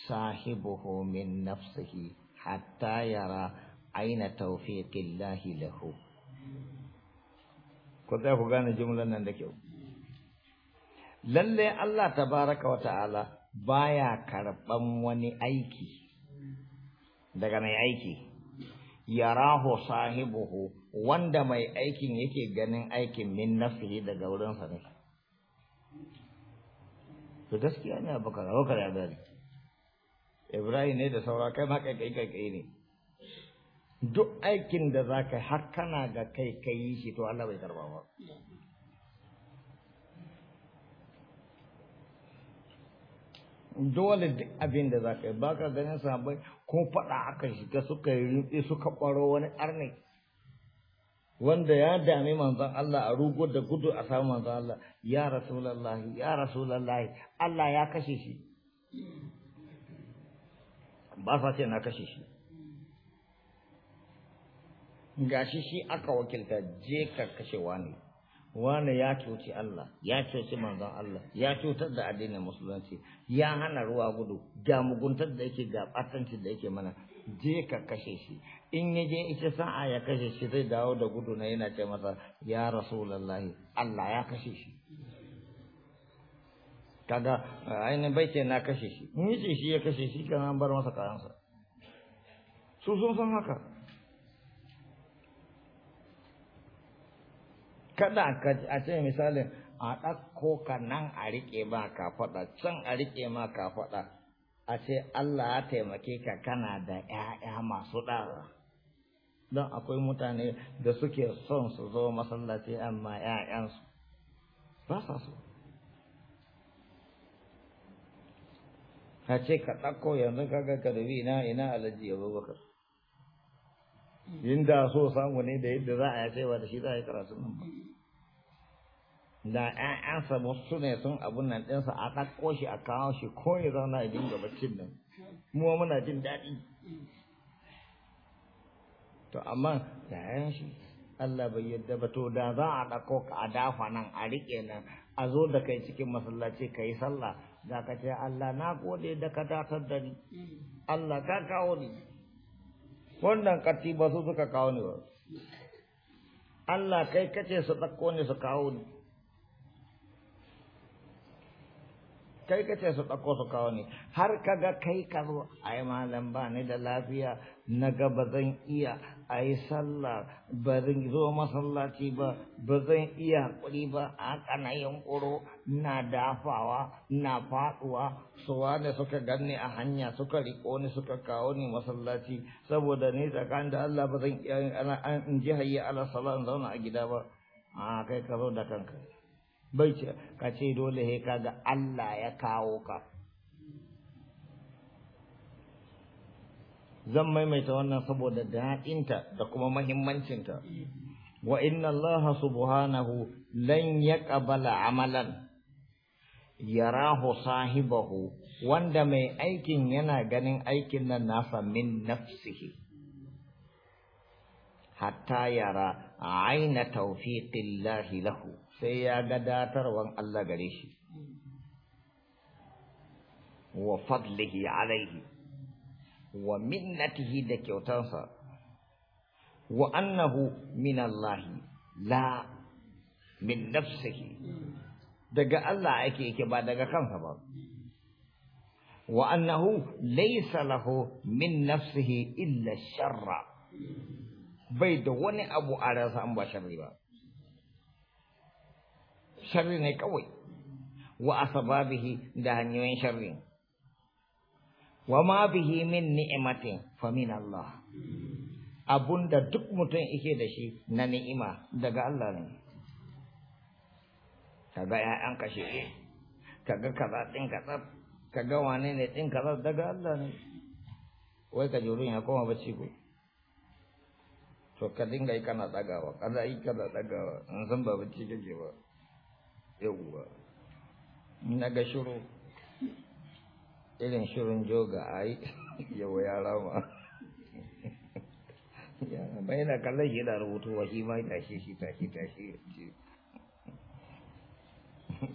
sahibuhu min nafsihi hatta yara aina tawfiqillahi lahu ko da ku gane jumlan nan da kyau lalle Allah tabaraka wa ta'ala baya karban wani aiki daga mai aiki yarahu sahibuhu wanda mai aikin yake ganin aikin min nafsihi daga sa ne to gaskiya ne abubakar abubakar ya bari ibrahim ne da saura kai ma kai kai kai ne duk aikin da za ka har kana ga kai kai yi shi to Allah bai karba ba dole duk abin da za ka yi ba ka ganin sabai ko faɗa aka shiga suka yi suka ƙwaro wani ƙarni wanda ya dami manzon Allah a rugo da gudu a samu manzon Allah ya rasulullahi ya rasulullahi Allah ya kashe shi ba sa ce na kashe shi gashi shi aka wakilta je ka kashe wani wani ya cuci Allah ya cuci manzon Allah ya cutar da addinin musulunci ya hana ruwa gudu ga muguntar da yake ga batanci da yake mana je ka kashe shi in ya je ita sa'a ya kashe shi zai dawo da gudu na yana ce masa ya rasulallah Allah ya kashe shi kaga eh, ainihin bai ce na kashe shi in ce shi ya kashe shi kan an bar masa kayansa su sun san haka kada a ce misalin a ɗauko ka nan a riƙe ma ka faɗa can a riƙe ma ka faɗa a ce Allah ya taimake ka kana da ‘ya'ya masu ɗawa. Don akwai mutane da suke son su zo masallaci amma ‘ya'yansu ba sa so. Ka ce ka ɗauko yanzu kaga ka dubi ina ina alaji ka. Yin da so samu ne da yadda za a yace ba da shi za a yi karatun nan ba. da ‘ya'yansa su ne sun abun nan ɗinsa a ɗakko shi a kawo shi ko ya zauna a dinga baccin nan mu muna jin daɗi to amma yayan shi Allah bai yadda ba to da za a ɗakko ka a dafa nan a riƙe nan a zo da kai cikin masallaci ka yi sallah za ka ce Allah na gode da ka datar da ni Allah ka kawo ni wannan katiba su suka kawo ni ba Allah kai kace su ɗakko ni su kawo ni kai ka ce su ɗauko su kawo ne har ka ga kai ka zo a yi malam ba ni da lafiya na ga ba zan iya a yi sallah ba zan zo masallaci ba ba zan iya haƙuri ba a kana yunƙuro na dafawa na faɗuwa su da suka ganni a hanya suka riƙo ni suka kawo ni masallaci saboda ni tsakanin da Allah ba zan iya in ji hayya ala sallah in zauna a gida ba a kai ka zo da kanka. bai ce ka ce dole he kaga Allah ya kawo ka zan maimaita wannan saboda daɗinta da kuma mahimmancinta wa inna Allah subhanahu lan yaqbala amalan yarahu sahibahu wanda mai aikin yana ganin aikin nan nasa min nafsihi hatta yara aina tawfiqillahi lahu sai ya ga datarwan Allah gare shi wa fadlihi alaihi wa minnatihi da kyautansa wa annahu min Allah la min nafsihi daga Allah ake yake ba daga kansa ba wa annahu laysa lahu min nafsihi illa sharra bai da wani abu a ransa an ba sharri ba sharri ne kawai wa asbabihi da hanyoyin sharri wa ma bihi min ni'matin fa min Allah abunda duk mutum yake da shi na ni'ima daga Allah ne kaga an kashe kaga kaza din kaza kaga wane ne din kaza daga Allah ne wai ka jurun ya koma bacci ko to ka dinga yi kana tsagawa kada yi kana tsagawa in san ba bacci kake ba yawwa na ga shiru irin shirin joga a yi yawa ya rama ba yana kallon shi da rubutu wa shi ma tashi shi tashi shi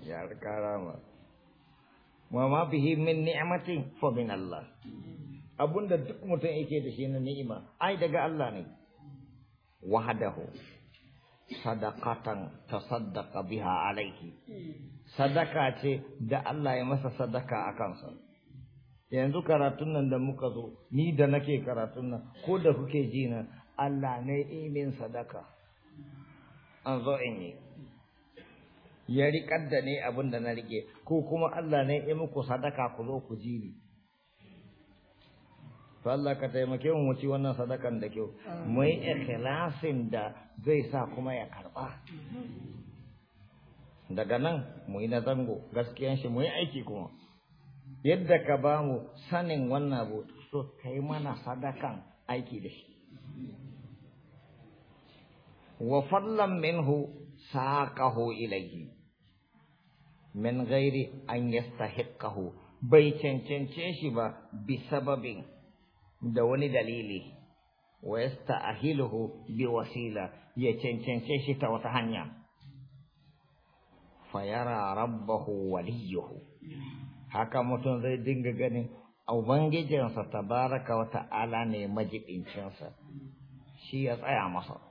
ya rika rama wa ma bihi min ni'mati fa min Allah abunda duk mutum yake da shi na ni'ima ai daga Allah ne wahadahu sadaqatan tasaddaqa biha alayhi sadaka ce da Allah ya masa sadaka a kansa yanzu karatun nan da muka zo ni da nake karatun nan ko da kuke ji nan Allah ne imin sadaka an zo in yi ya riƙar da ne abin da na rike, ko kuma Allah ne ya muku sadaka ku zo ku ji ni to Allah ka taimake mu ci wannan sadakan da kyau mu yi ikhlasin da zai sa kuma ya karba daga nan mu yi na zango gaskiyan shi mu yi aiki kuma yadda ka ba mu sanin wannan abu so yi mana sadakan aiki da shi wa fadlan minhu saqahu ilayhi min ghairi an yastahiqahu bai cancance shi ba bi sababin da wani dalili wa ahiluhu bi wasila ya cancance shi ta wata hanya fa yara rabbahu waliyuhu haka mutum zai dinga ganin ubangijinsa ta wa ta'ala ne majibincinsa shi ya tsaya masa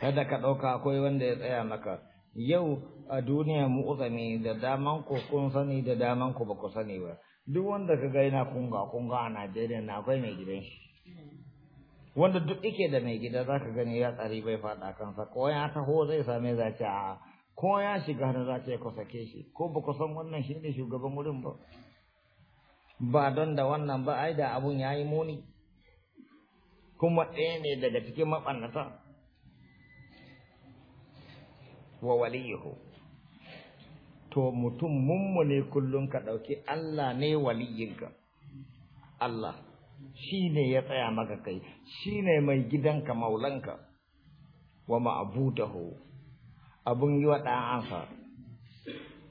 kada ka ɗauka akwai wanda ya tsaya maka yau a duniya mu'uzami da daman ku kun sani da daman ku ba ku sani ba duk wanda ka ga yana kunga kunga a Najeriya na akwai mai gidan shi wanda duk yake da mai gida zaka gani ya tsari bai faɗa kansa ko ya taho zai same za ce a ko ya shiga hannu za ce ku sake shi ko ba san wannan shi ne shugaban wurin ba ba don da wannan ba ai da abun ya yi muni kuma ɗaya ne daga cikin maɓannata wa waliyuhu. to mutum ne kullum ka ɗauki Allah ne waliyinka Allah shi ne ya tsaya maka kai shi ne mai gidanka maulanka wa ma'abudahu abun yi wa ɗan'ansa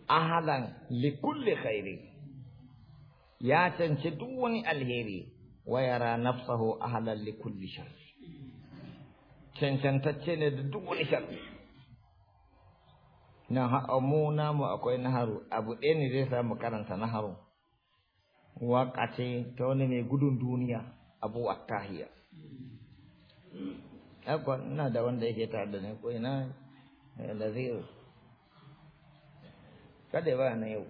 ahalan likulli khairi ya canci duk wani alheri wa yara nafsahu ahalan likulli shar cancantacce ne da duk wani sharri na mu namu akwai naharu abu ɗaya ne zai samu karanta naharu waƙa ce ta wani mai gudun duniya abu a wattahiya akwai ina da wanda yake tare da ni ko ina da eh, zai kada ba na yau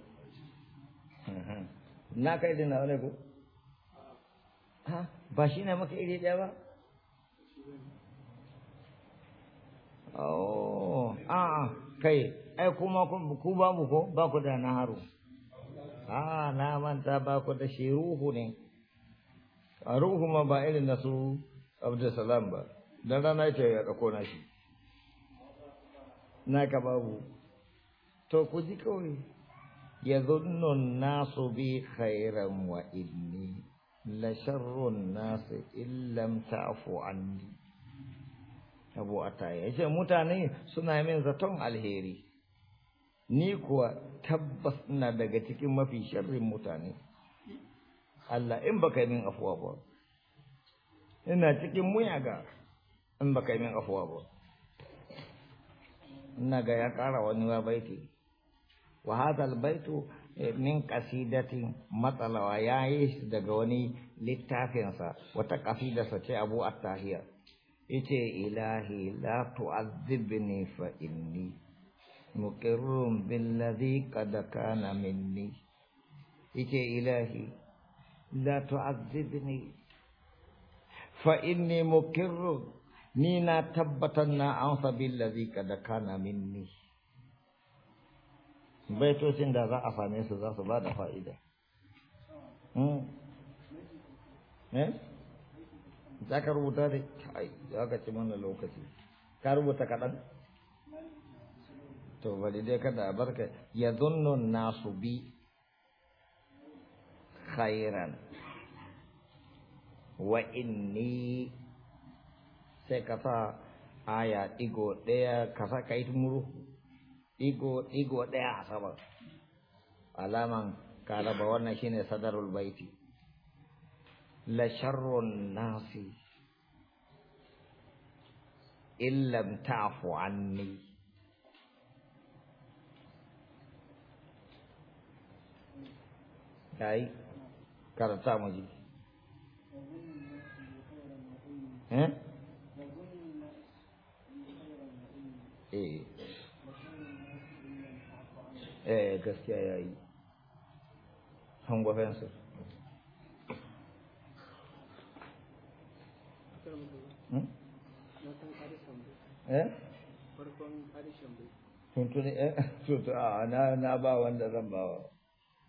na kai da na wani ko ha ba shi ne maka iri ɗaya ba oh a'a ah, ah, kai ai kuma ku ba mu ko ba ku da naharu a na manta ba ku da shi ruhu ne a ruhu ma ba irin na su abdulsalam ba dan rana ce ya kako na shi na ka babu to ku ji kawai ya zunnu nasu bi khairan wa inni la sharrun nasu illam ta'fu anni abu ataya yace mutane suna min zaton alheri ni kuwa tabbas ina daga cikin mafi sharrin mutane Allah in baka yi min afuwa ba ina cikin muyaga in baka yi min afuwa ba ina ga ya ƙara wani wa baiti wa hadal baitu eh, min qasidati matsalawa ya yi shi daga wani littafinsa wata ƙasidarsa ce abu at-tahiyya yace ilahi la tu'adhibni fa inni مقر بالذي قد كان مني يجي إلهي لا تعذبني فإني مقر نينا تبتنا أنصى بالذي قد كان مني baitocin da za a same su za su ba da fa'ida. Za ka rubuta da za ka ci mana lokaci, ka rubuta kaɗan? to bari dai kada a barka ya zunnu nasu bi khairan wa inni sai ka sa aya ɗigo ɗaya ka sa ka yi tumuru ɗigo ɗigo ɗaya a sama alaman kalaba wannan shine sadarul baiti la sharrun nasi illam ta'fu anni yayi karanta mu ji eh eh, eh gaskiya yayi hango fensa hmm? eh farkon bai eh ah, a na ba wanda zan bawa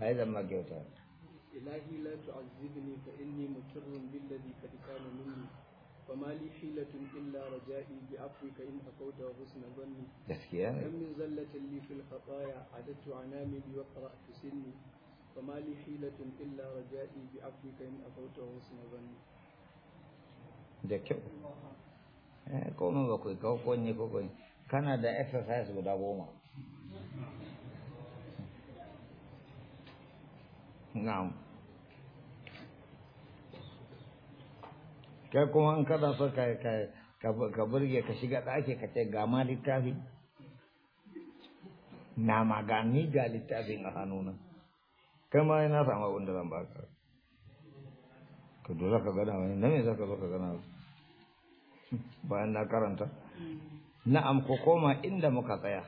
yi zama kyauta ilahi la tu'azzibni fa inni mutirrun billadhi qad kana minni لي حيلة رجائي بعفوك وحسن ظني من لي في الخطايا عنامي سني لي حيلة رجائي بعفوك وحسن ظني da kyau eh, ba ku ko ne ko kana da exercise guda goma na'am kai kuma an kada so ka ka burge ka shiga ɗaki ka ce ga ma littafi na magani ga littafin a hannuna kai ma yana samu abin da zan baka ka dole ka gana wani na me za ka zo ka gana bayan na karanta mm. na'am ko koma inda muka tsaya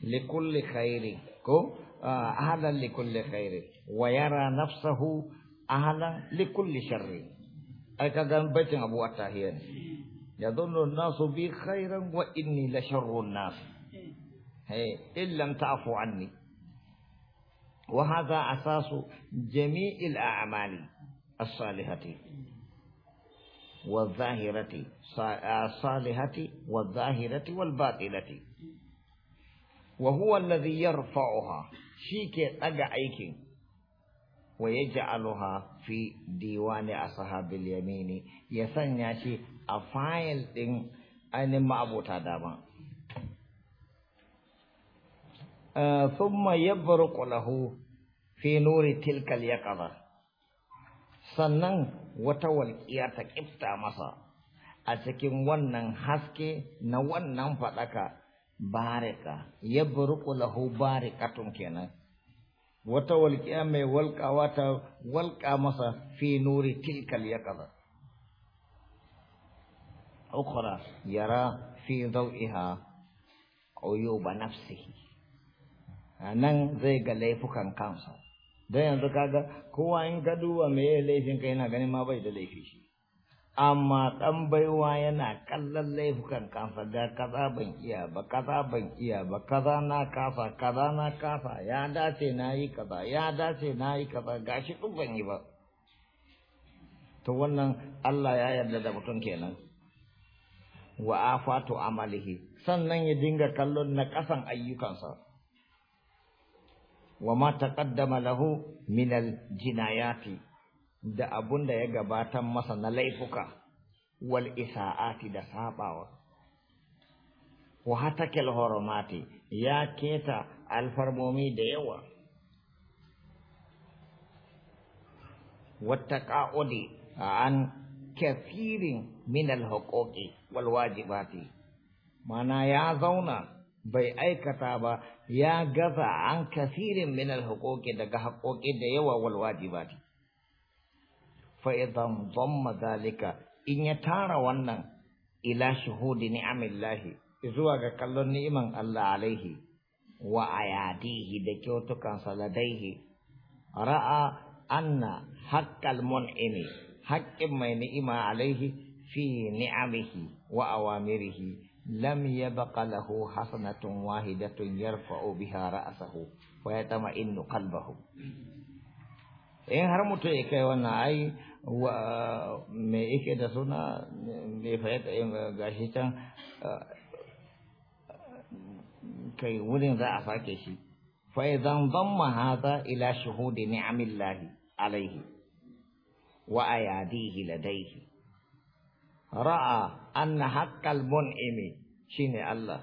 likulli khairi ko آه، أهلا لكل خير ويرى نفسه أهلا لكل شر اكذا بيت أبو الطاهر يظن الناس بي خيرا وإني لشر الناس هي إن لم تعفوا عني وهذا أساس جميع الأعمال الصالحة والظاهرة الصالحة آه، والظاهرة والباطلة وهو الذي يرفعها shi ke ɗaga aikin wa ya ne fi diwani sahabil yamini ya sanya shi a fayil ɗin ainihin ma'abota dama ثم kulahu fi tilkal ya ya sannan wata walƙiya ta ƙifta masa a cikin wannan haske na wannan faɗaka barika ya burku lahu barikatun kenan wata walƙiya mai walƙawa ta walƙa masa fi nuri tilkal yaqza ukhra yara fi dawiha ba nafsihi anan zai ga laifukan kansa don yanzu kaga kowa in ka duba me laifin ka yana ganin ma bai da laifi shi amma ɗan baiwa yana kallon laifukan kansa ga kaza ban iya ba kaza ban iya ba kaza na kafa kaza na kafa ya dace na yi kaza ya dace na yi kaza gashi duk ban yi ba to wannan Allah ya yarda da mutum kenan wa afatu amalihi sannan ya dinga kallon na ƙasan ayyukansa wa ma taqaddama lahu min al jinayati da abun da ya gabata masa na laifuka wal isa'ati da sabawa wa hatakil hormati ya keta alfarmomi da yawa wata a an kafirin min alhuquqi wal wajibati mana ya zauna bai aikata ba ya gaza an kafirin min haƙoƙi daga haƙoƙi da yawa wal wajibati fa'idan zamma zalika in ya tara wannan ila shuhudi ni'amillahi zuwa ga kallon ni'iman Allah alaihi wa ayadihi da kyautukan saladaihi ra'a anna haƙƙal mun’ini haƙƙin mai ni'ima alaihi fi ni'amihi wa awamirihi lam baƙa lahu hasanatun wahidatun yarfa'u biha ra'sahu wa yatama'innu qalbahu in har mutum ya kai wannan ai wa me yake da suna me fayyada gashi can kai wurin za a sake shi faizan zamma haza ila ni ni'amillahi alaihi wa ayadihi ladaihi ra'a anna haqqal mun'imi shine Allah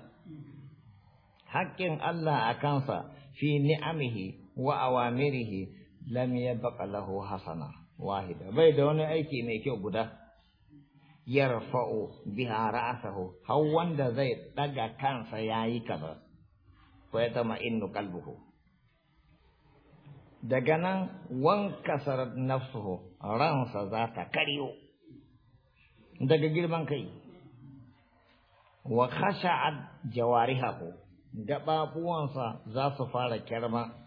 haƙƙin Allah a kansa fi ni'amihi wa awamirihi lam yabqa lahu Hassana. واحدة بيدون أيكي ميكيو بدا يرفع بها رأسه هو واندا زي تقا كان سيائي كذا فيتما إنو قلبه دقنا وانكسرت نفسه رانسا ذاتا كريو دقا جلبان كي وخشعت جوارحه دقا بوانسا ذا سفارة كرما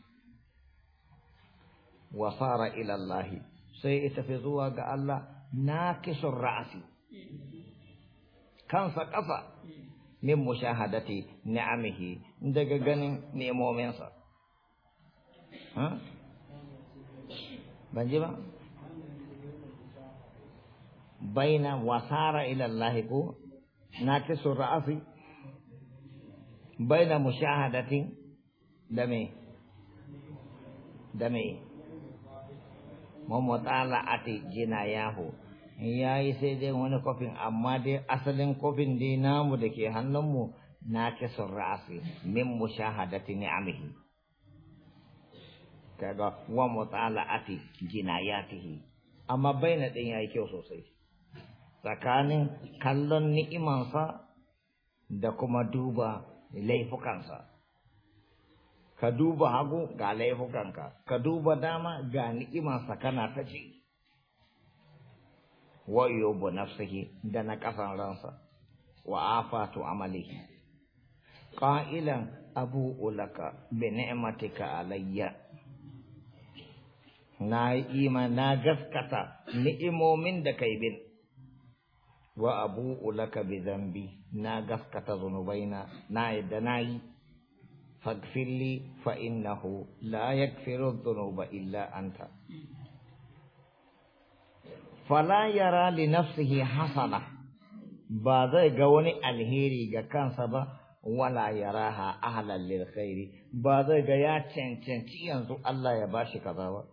وصار إلى الله sai ya tafi zuwa ga Allah na kisun ra'asi kansa ƙafa min mushahadati ni'amihi daga ganin nemominsa ban ji ba baina wasara ila Allah ko na kisun ra'asi baina mu da me da me ati jinayahu ya yi sai dai wani kofin amma dai asalin kofin dai namu da ke hannunmu na kisan ra'asi min mushahadati ni'amihi kaga wa ati jinayatihi amma baina din yayi kyau sosai tsakanin kallon ni'imansa da kuma duba laifukansa ka duba hagu ga laifukanka ka duba dama ga ni'imarsa kana ta ce wa yubu nafsihi da na kasan ransa wa afatu amalihi qa'ilan abu ulaka bi ni'matika alayya na ima na gaskata ni'imomin da kai bin wa abu ulaka bi zambi na gaskata zunubaina na yadda na yi فاغفر لي فإنه لا يغفر الذنوب إلا أنت فلا يرى لنفسه حسنة بعد غوني الهيري غكان سبا ولا يراها أهلا للخير بعد غيا تشن تشن الله يباشي كذا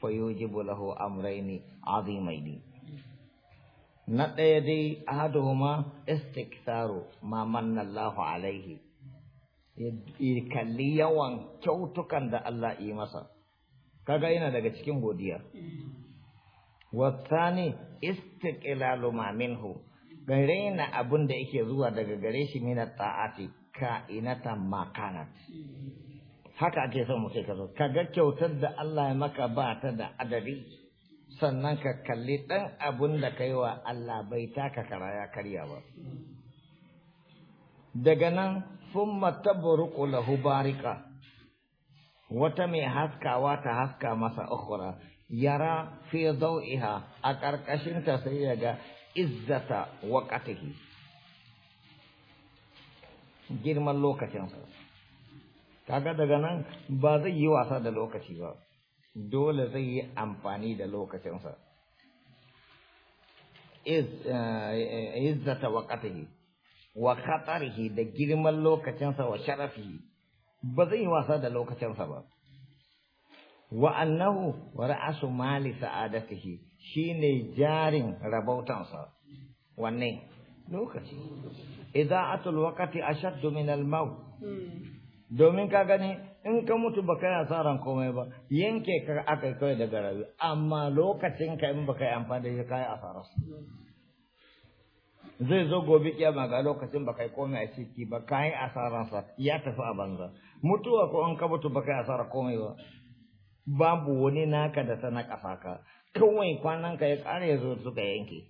فيوجب له أمرين عظيمين نتيدي أحدهما استكثار ما من الله عليه ya kalli yawan kyautukan da Allah yi masa kaga yana daga cikin godiya wasani istiqlalu ma minhu raina abun da yake zuwa daga gare shi na ta'ati ka'inatan ma kanat haka ake son mu sai ka zo kaga kyautar da Allah ya maka ba ta da adadi sannan ka kalli ɗan abun da kai wa Allah bai taka karaya karya ba daga nan summa tabruqu lahu barika wata mai haskawa ta haska masa ukhra yara fi dawiha a karkashin ta sai ya ga izzata waqatihi girman lokacinsa kaga daga nan ba zai yi wasa da lokaci ba dole zai yi amfani da lokacinsa eh, eh, izzata waqatihi wa khatarihi da girman lokacinsa wa sharafi ba zai yi wasa da lokacinsa ba wa annahu ra'asu mali sa'adatihi shine jarin rabautansa wanne lokaci idza'atul waqti ashaddu min al-maut hmm. domin ka gani in ka mutu ba kai asaran komai ba yanke ka aka kai daga rayu amma lokacin ka in baka yi amfani da shi kai asararsa hmm. zai zo gobe kiyama ga lokacin ba kai komai a ciki ba kayan asararsa ya tafi a banza mutuwa ko an ka mutu ba kai asara komai ba babu wani naka da ta na kafa ka kawai kwanan ka ya kare ya zo suka yanke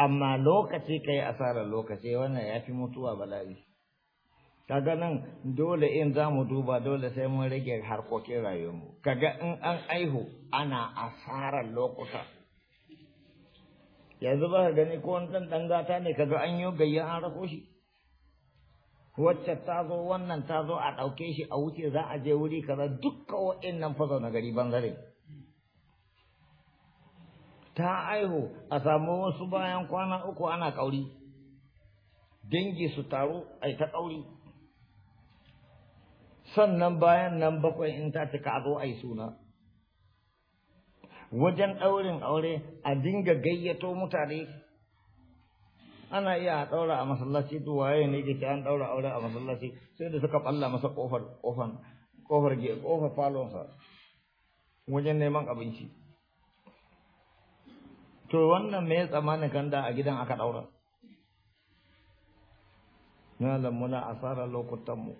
amma lokaci ka yi asarar lokaci wannan ya fi mutuwa bala'i kaga nan dole in za mu duba dole sai mun rage harkokin rayuwarmu kaga in an aihu ana asarar lokuta yanzu ba ka gani ko wani ɗan gata ne ga an yi gayya an rako shi wacce ta zo wannan ta zo a ɗauke shi a wuce za a je wuri kaza dukka nan fasa na gari bangare ta aihu a samu wasu bayan kwana uku ana ƙauri dangi su taru ai ta ƙauri sannan bayan nan bakwai in ta cika a zo ai suna wajen ɗaurin aure a dinga gayyato mutane ana iya a ɗaura a masallaci to waye ne ke an ɗaura aure a masallaci sai da suka balla masa ƙofar kofar ge ƙofar falonsa wajen neman abinci to wannan me tsammanin kan da a gidan aka ɗaura Na lammuna asara lokutan mu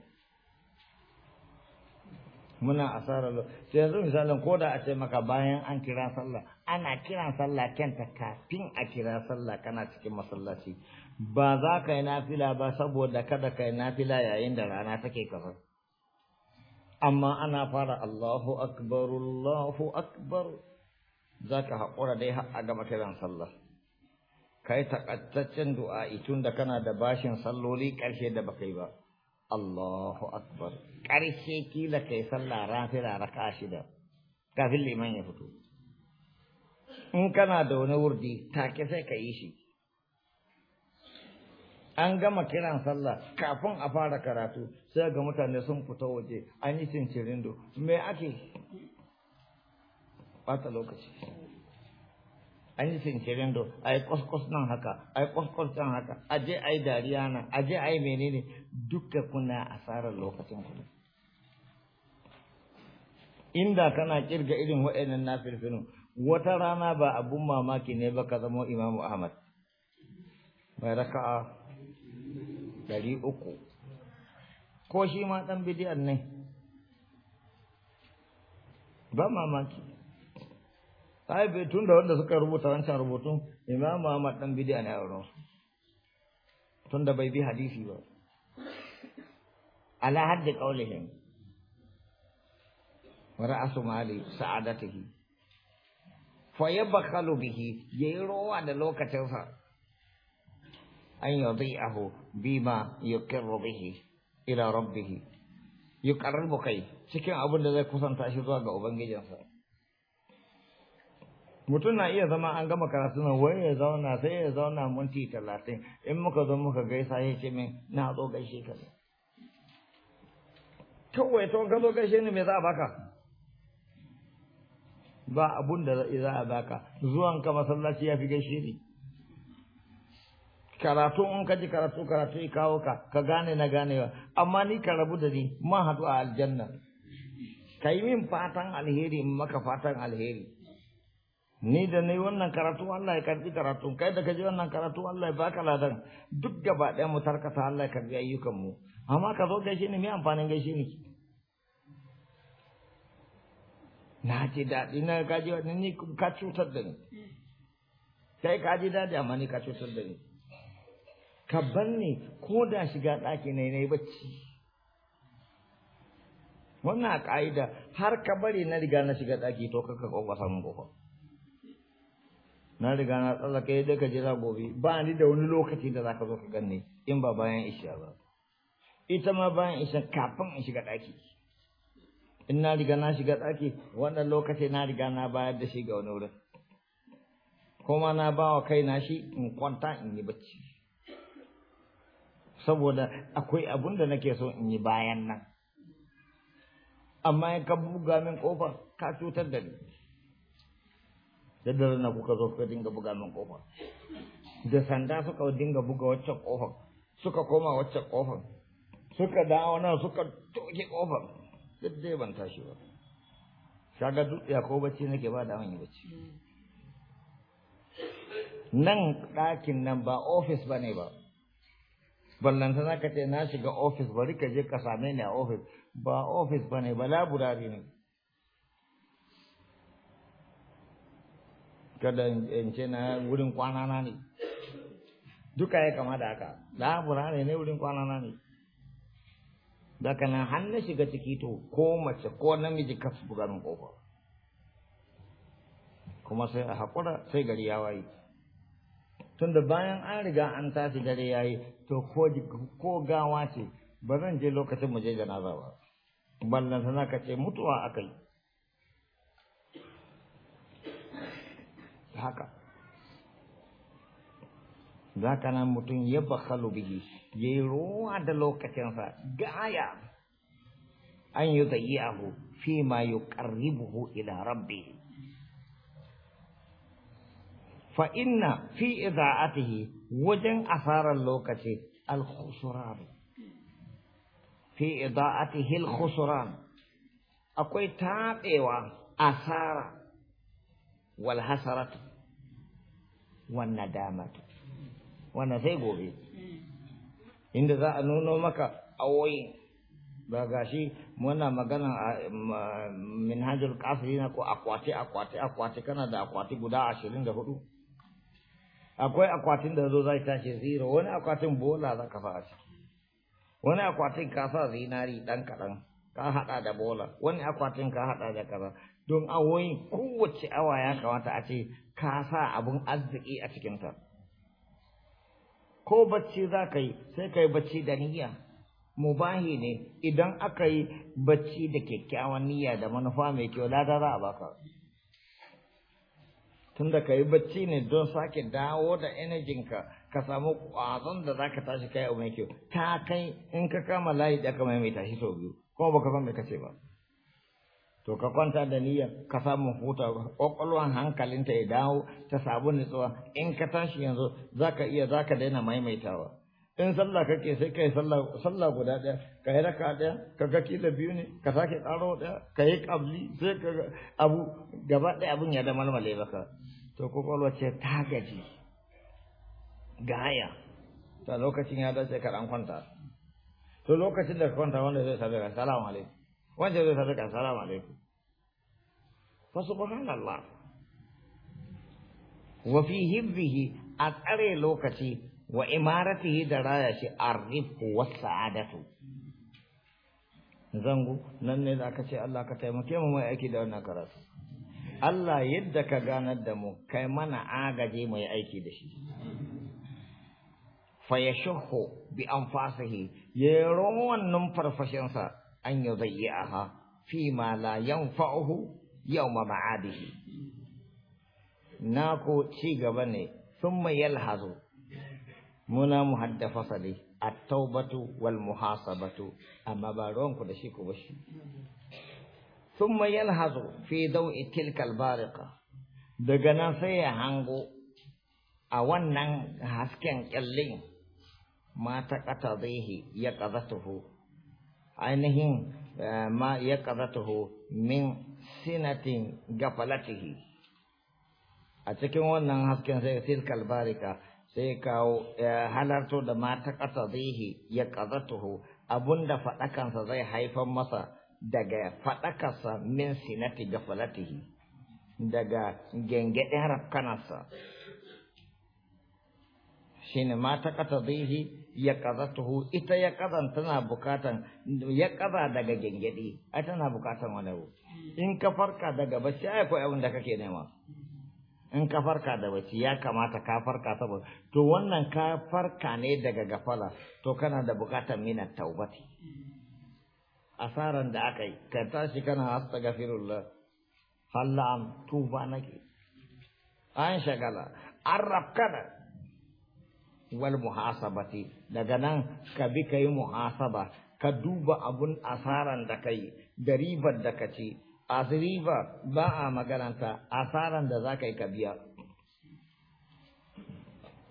muna asarar sai yanzu misalin ko da a ce maka bayan an kira sallah ana kiran sallah kenta kafin a kira sallah kana cikin masallaci ba za ka yi nafila ba saboda kada ka yi nafila yayin da rana take kafa amma ana fara Allahu akbar Allahu akbar za ka haƙura dai har a gama kiran sallah kai takattaccen du'a'i tunda kana da bashin salloli karshe da baka ba Allahu akbar ƙarshe kila kai sallah rafira raka shida kafin liman ya fito in kana da wani wurdi take sai ka yi shi an gama kiran sallah kafin a fara karatu sai ga mutane sun fito waje an yi cincirindo me ake bata lokaci an yi sinkirin do a yi kwaskwas nan haka a yi kwaskwas nan haka a je a yi dariya nan a je a yi menene duka kuna asarar lokacin ku. inda kana kirga irin wa'annan na firfinu wata rana ba abun mamaki ne ba ka zama imamu ahmad mai a ɗari uku ko shi ma ɗan bidiyar ne ba mamaki ai bai tun da wanda suka rubuta wancan rubutun imam Muhammad dan bid'a ne a wurin tun da bai bi hadisi ba ala haddi qaulihim wa ra'su mali sa'adatihi fa yabkhalu bihi yi rowa da lokacinsa an yudhi'ahu bima yuqirru bihi ila rabbih yuqarribu kai cikin abin da zai kusanta shi zuwa ga ubangijinsa mutum na iya zama an gama karatu nan wani ya zauna sai ya zauna minti talatin in muka zo muka gaisa ya ce min na zo gaishe ka kawai to ka zo gaishe ni me za a baka ba abun da za a baka zuwan ka masallaci ya fi gaishe ni karatu in ka ji karatu karatu ya kawo ka ka gane na ganewa amma ni ka rabu da ni ma haɗu a aljanna ka yi min fatan alheri in maka fatan alheri ni da ni wannan karatu Allah ya karbi karatu kai da kaji wannan karatu Allah ya baka ladan duk gaba ɗaya mu tarkata Allah ya karbi ayyukan mu amma ka zo gaishe ni me amfanin gaishe ni na ji daɗi na kaji wani ni ka cutar da ni kai ka ji daɗi amma ni ka cutar da ni ka bar ni ko da shiga ɗaki na yi bacci wannan a ƙa'ida har ka bari na riga na shiga ɗaki to ka ƙwaƙwasa mun ƙwaƙwa na riga na tsallaka yadda ka jira gobe ba ni da wani lokaci da zaka zo ka ganni in ba bayan isha ba ita ma bayan isha kafin in shiga daki, in na riga na shiga daki wannan lokaci na riga na bayar da shi ga wani wurin kuma na ba wa na shi in kwanta in yi bacci saboda akwai abun da nake so in yi bayan nan amma in ka buga min kofa ka cutar da ni da dare na kuka zo suka dinga buga min kofa da sanda suka dinga buga wacce kofar suka koma wacce kofar suka dawo nan suka toke kofar duk dai ban tashi ba shaga duk ya ko bacci nake ba da wani bacci nan ɗakin nan ba ofis ba ne ba ballanta za ka ce na shiga ofis bari ka je ka same ni a ofis ba ofis ba ne ba laburari ne kada in ce na wurin kwana na ne duka ya kama da haka labura ne ne wurin kwana na ne daga nan har na shiga ciki to ko mace ko namiji ka su buga kuma sai a haƙura sai gari ya waye tunda bayan an riga an tashi dare yayi to ko gawa ce ba zan je lokacin mu je janaza ba ballan sana ka ce mutuwa yi haka za ka nan mutum ya bakhalu bihi ya yi ruwa da lokacinsa gaya an yi zayyahu fi ma yuqarribuhu ila rabbi fa inna fi wajen asarar lokaci al fi idaatihi al akwai taɓewa asara wal hasaratu wan nadamatu wannan sai gobe inda za a nuno maka awoyin ba gashi muna magana a minhajul kasiri na ko akwati akwati akwati kana da akwati guda ashirin da hudu akwai akwatin da zo zai tashi zira wani akwatin bola za ka fara wani akwatin ka sa zinari dan kaɗan ka haɗa da bola wani akwatin ka haɗa da kaza don awoyin kowace awa ya kamata a ce ka sa abun arziki a cikinta ko bacci za ka yi sai ka yi bacci da niyya mubahi ne idan aka yi bacci da kyakkyawan niyya da manufa mai kyau lada za a baka tunda ka yi bacci ne don sake dawo da energinka ka samu ƙwazon da za ka tashi kai abu mai kyau ta kai in ka kama layi da aka maimaita shi sau biyu kuma ka san mai kace ba to ka kwanta da niyya ka samu huta hankalin hankalinta ya dawo ta sabu nutsuwa in ka tashi yanzu zaka iya zaka daina maimaitawa in sallah kake sai kai sallah sallah guda ɗaya ka yi raka ɗaya ka ga kila biyu ne ka sake ƙaro ɗaya ka yi ƙabli sai ka abu gaba ɗaya abin ya da malmale baka to kwakwalwa ce ta gaji gaya ta lokacin ya dace ka ɗan kwanta to lokacin da ka kwanta wanda zai sabi ka salamu alaikum wanda zai sabi ka salamu alaikum فسبحان الله وفي هبه أتري لوكتي وإمارته دراية الرفق والسعادة zango nan ne za ka ce Allah ka taimake mu mai aiki da wannan karas Allah yadda ka ganar da mu kai mana agaje mai aiki da shi fa yashhu bi anfasihi ya rawan numfarfashin sa an yudayyaha fi ma la yanfa'uhu Yau ma ma'adihi na ko ci gaba ne thumma hazo muna mu hadda fasali', a taubatu wal muhasabatu amma ba ruwanku da shi ko bashi fi يلحظ itil kalbarika Daga nan sai ya hango a wannan hasken kyallin ma ta qatadhihi yaqadatuhu ainihin eh, ma yaqadatuhu min sinatin gafalatihi a cikin wannan hasken sai tilkal barika sai kawo halarto da mata ƙasa zihi ya kazatuhu abunda faɗakansa zai haifar masa daga faɗakarsa min sinati gafalatihi daga gengeɗin rafkanarsa shine mata kasa zai ya tuhu ita ya kazan tana bukatan ya kaza daga gengedi ai tana bukatan wani abu in ka farka daga bacci ai akwai abin da kake nema in ka farka da bacci ya kamata ka farka saboda to wannan ka farka ne daga gafala to kana da bukatar mina taubati asaran da aka yi ka tashi kana halla an tuba nake an shagala an rafkana wal muhasabati daga nan ka bi ka yi muhasaba ka duba abun asaran da ka yi, da ribar da ka ci a ba a magananta asaran da za ka yi ka biya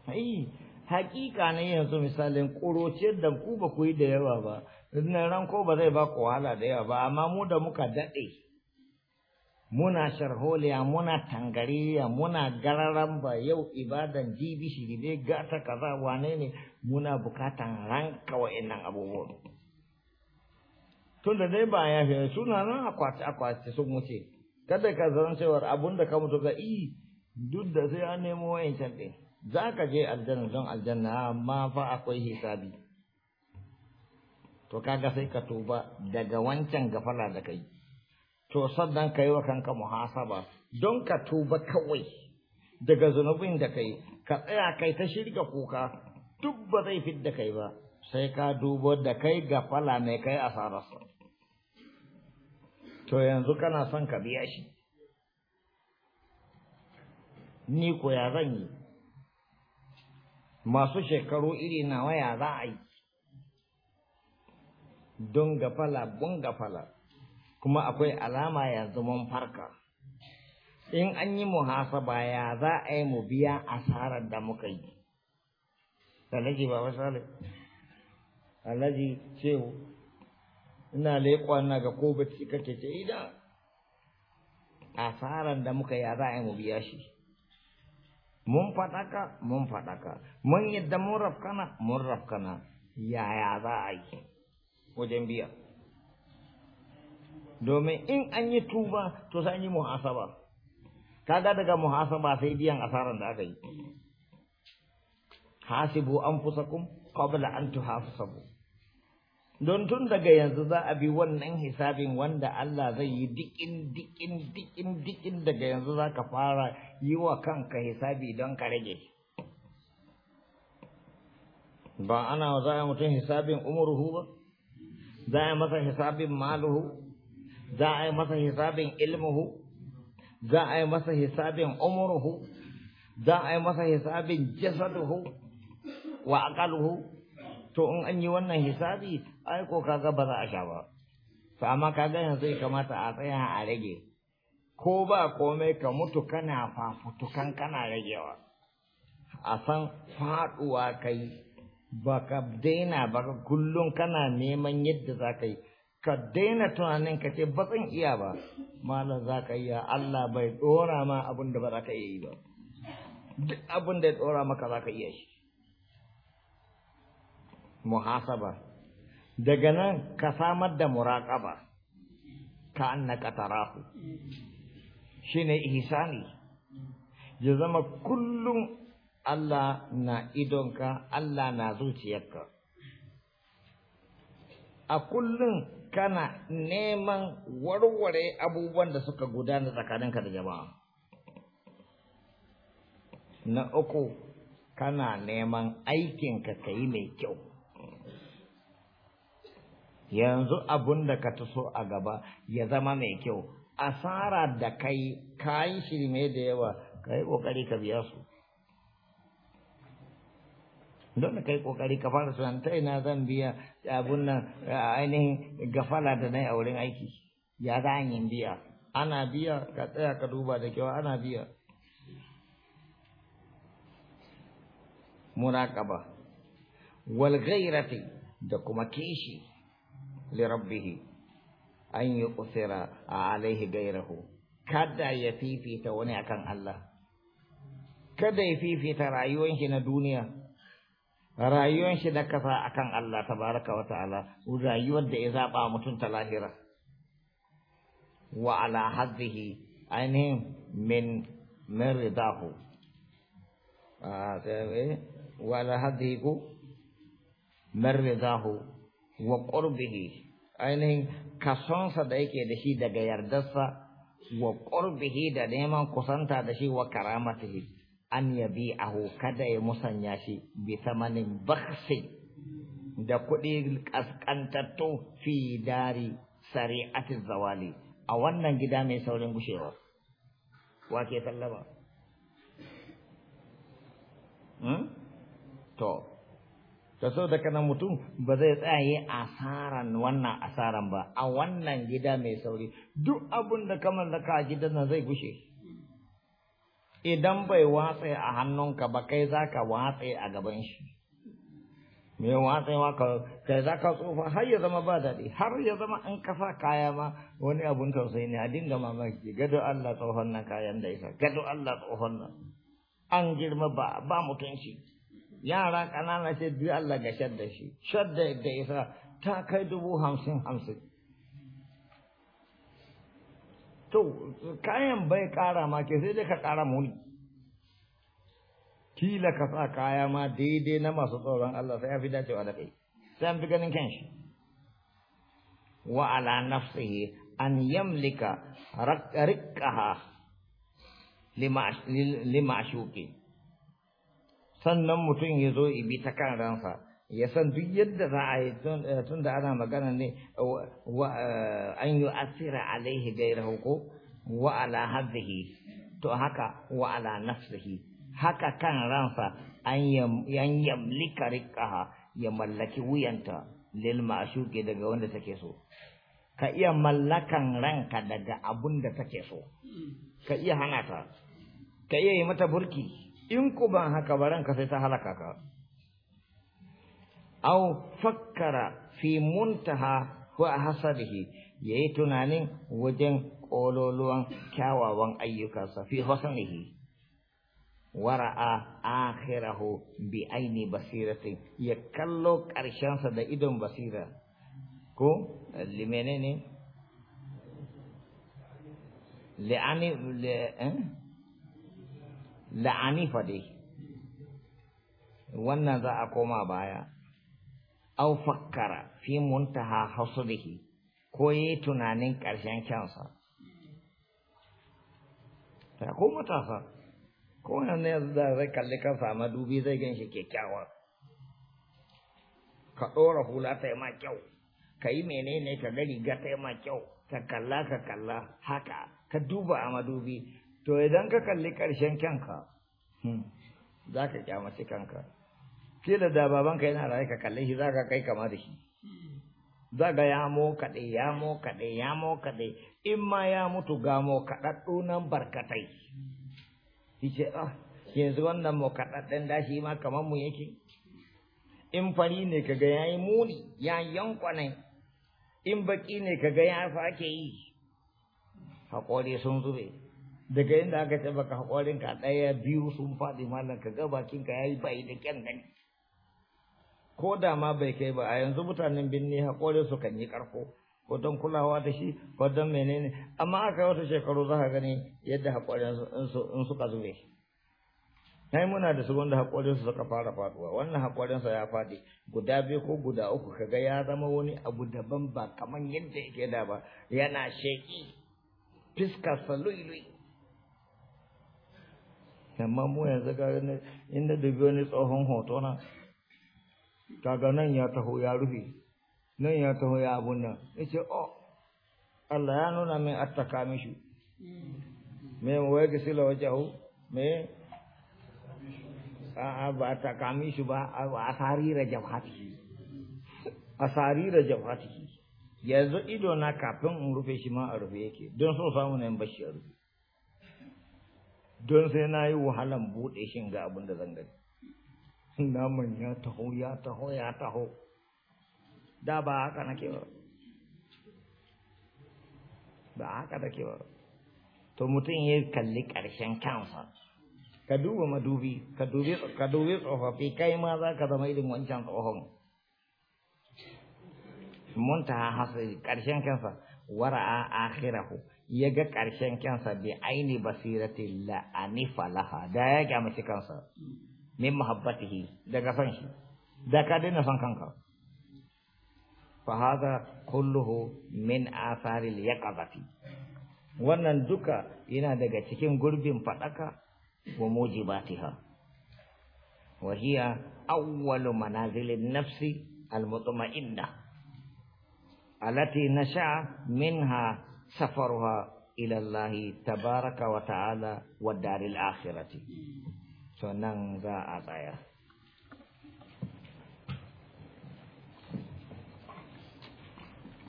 ai hakika ne yanzu misalin ƙorociyar da ku ba ku yi da yawa ba na ranko ba zai ba ku wahala da yawa ba amma mu da muka daɗe muna sharholiya muna tangariya muna gararan ba yau ibadan jibi shi ne gata kaza wane ne muna bukatan ranka wa'annan abubuwan tunda dai ba ya fi suna nan akwati akwati sun wuce kada ka zan cewar abun da ka mutu ga i duk da sai an nemo wayancan din za ka je aljanna don aljanna amma fa akwai hisabi to kaga sai ka tuba daga wancan gafala da kai to sannan ka yi wa kanka muhasaba don ka tuba kawai daga zunubin da kai ka tsaya kai ta shirga kuka duk ba zai fit kai ba sai ka dubo da kai ga fala mai kai asararsa to yanzu kana son ka biya shi ni ko ya zan yi masu shekaru iri na waya za a yi don gafala bun gafala kuma akwai alama yanzu mun farka in an yi muhasaba ya za a yi mu biya asarar da muka yi Da ba wasu sale alaji shehu ina leƙwa na ga ko bacci kake ta ida asaran da muka ya za a mu biya shi mun faɗaka mun faɗaka mun yadda mun rafkana mun rafkana yaya za a yi wajen biya domin in an yi tuba to sai an yi muhasaba kaga daga muhasaba sai biyan asaran da aka yi hasibu anfusakum qabla an tuhasabu don tun daga yanzu za a bi wannan hisabin wanda Allah zai yi dikin dikin dikin dikin daga yanzu za ka fara yi wa kanka hisabi don ka rage ba ana za a mutum hisabin umurhu ba za a masa hisabin maluhu za a yi masa hisabin ilmuhu za a yi masa hisabin umurhu za a yi masa hisabin jasaduhu wa aqaluhu to in an yi wannan hisabi ai ko kaga ba za a sha ba to amma kaga yanzu kamata a tsaya a rage ko ba komai ka mutu kana fafutukan kana ragewa a san faduwa kai ba ka daina ba kullum kana neman yadda za ka yi ka daina tunanin ka ce ba zan iya ba malam za ka iya Allah bai dora ma abin da ba za ka iya yi ba duk abin ya dora maka za ka iya shi muhasaba daga nan ka samar da muraƙaba ka annaka tarahu shine ihsani ya zama kullum Allah na idonka Allah na zuciyarka a kullum kana neman warware abubuwan da suka gudana tsakaninka da jama'a na uku kana neman aikinka ka yi mai kyau yanzu abun da ka taso a gaba ya zama mai kyau asara da kai kayan shirme da yawa ka yi ƙoƙari ka biya su don da ka yi ƙoƙari ka fara tunan ta ina zan biya abun nan ainihin gafala da na yi a wurin aiki ya za yin biya ana biya ka tsaya ka duba da kyau ana biya muraƙaba walgairafi da kuma kishi لربه أن يؤثر عليه غيره kada ya fifita wani akan Allah kada ya fifita rayuwar shi na duniya rayuwar shi da kasa akan Allah tabaraka wa ta'ala rayuwar da ya zaba mutum ta lahira wa ala hadhihi ainihin min min ridahu wa ala hadhihi ku min wa qurbihi ainihin kasonsa da yake da shi daga yardarsa wa qurbihi da neman kusanta da shi wa karamatihi an yabi ahu kada ya musanya shi bi tamanin bakhsi da kuɗi kaskantattu fi dari sari'ati zawali a wannan gida mai saurin gushewa wa ke sallama to ta so da kana mutum ba zai tsaye asaran wannan asaran ba a wannan gida mai sauri duk abin da ka mallaka a gidan nan zai gushe idan bai watsa a hannunka ba kai za ka watsa a gaban shi me watsewa ka kai za ka tsofa har ya zama ba daɗi har ya zama an kasa kaya ma wani abun tausayi ne a dinga mamaki gado Allah tsohon nan kayan da isa gado Allah tsohon nan an girma ba ba mutunci yara ƙanana ce biyu Allah ga shadda shi shadda da isa ta kai dubu hamsin hamsin to kayan bai ƙara ma ke sai dai ka ƙara muni kila ka sa kaya ma daidai na masu tsoron Allah sai ya fi dacewa da kai sai an fi ganin kanshi wa ala nafsihi an yamlika riqqaha lima lima shuƙi. sannan mutum ya zo ibi ta kan ransa ya san duk yadda za a yi tun eh, da ana magana ne eh, an yi asira alaihi gairar ko wa ala hadhihi to haka wa ala nafsihi haka kan ransa an yamlika ya mallaki wuyanta lil ke daga wanda take so ka iya mallakan ranka daga abun da take so ka iya hana ta ka iya yi mata burki in ku ba haka ba ranka sai ta halaka ka aw fakkara fi muntaha wa hasadihi yayi tunanin wajen kololuwan kyawawan ayyukansa fi hasanihi wara'a akhirahu bi aini basiratin ya kallo ƙarshensa da idon basira ko limene ne li'ani eh? la'ani dai wannan za a koma baya au fakkara fi muntaha hasudihi ko yi tunanin ƙarshen kyansa ta ko matasa ko wanda yanzu da zai kalli kansa a dubi zai gan shi kyakkyawa ka ɗora hula ta yi ma kyau ka yi menene ka ga ta yi ma kyau ka kalla ka kalla haka ka duba a madubi to idan ka kalli ƙarshen kyanka hmm, za ka kyamaci kanka kila da babanka yana raye ka kalli shi za ka kai kama da shi za ga ya mo kaɗe ya mo kaɗe ya mo kaɗe in ma ya mutu ga mo kaɗaɗɗu nan barkatai ce ah yanzu wannan mo kaɗaɗɗen shi ma kamar mu yake in fari ne kaga yi muni ya yankwane in baƙi ne kaga ya ake yi haƙori sun zube daga inda aka taba ka haƙorin ka ɗaya biyu sun faɗi malam ka ga bakin ka yayi bai da kyan gani ko da ma bai kai ba a yanzu mutanen binne haƙorin su kan yi ƙarko ko don kulawa da shi ko don menene amma aka yi wata shekaru za ka gani yadda haƙorin in suka zube kai muna da su wanda haƙorin su suka fara faɗuwa wannan haƙorin sa ya faɗi guda biyu ko guda uku kaga ya zama wani abu daban ba kaman yadda yake da ba yana sheƙi fiskar sa lui amma mu yanzu ga ne inda dubi wani tsohon hoto na kaga nan ya taho ya rufe nan ya taho ya abun nan yace oh Allah ya nuna min attaka mishi me mu wai gisila wajahu me a'a ba attaka mishi ba asari da jawhati asari da jawhati yanzu ido na kafin rufe shi ma a rufe yake don so samu ne bashi a rufe don sai na yi wahalan buɗe shi ga abin da zan gani naman ya taho ya taho ya taho da ba haka na ke ba ba haka ke ba to mutum ya kalli ƙarshen kansa ka duba madubi ka dubi ka dubi tsofaffi kai ma za ka zama irin wancan tsohon Mun ta hasa ƙarshen kansa wara a akhirahu ya ga ƙarshen kyansa bi aini basirati la'ani falaha. laha da ya kyamaci kansa min mahabbatihi daga son shi da ka daina son kanka fa haza kulluhu min asaril yaqazati wannan duka yana daga cikin gurbin fadaka wa mujibatiha wa hiya awwalu manazilin nafsi al mutma'inna التي nasha minha سفرها إلى الله تبارك وتعالى والدار الآخرة سنن ذا أطايا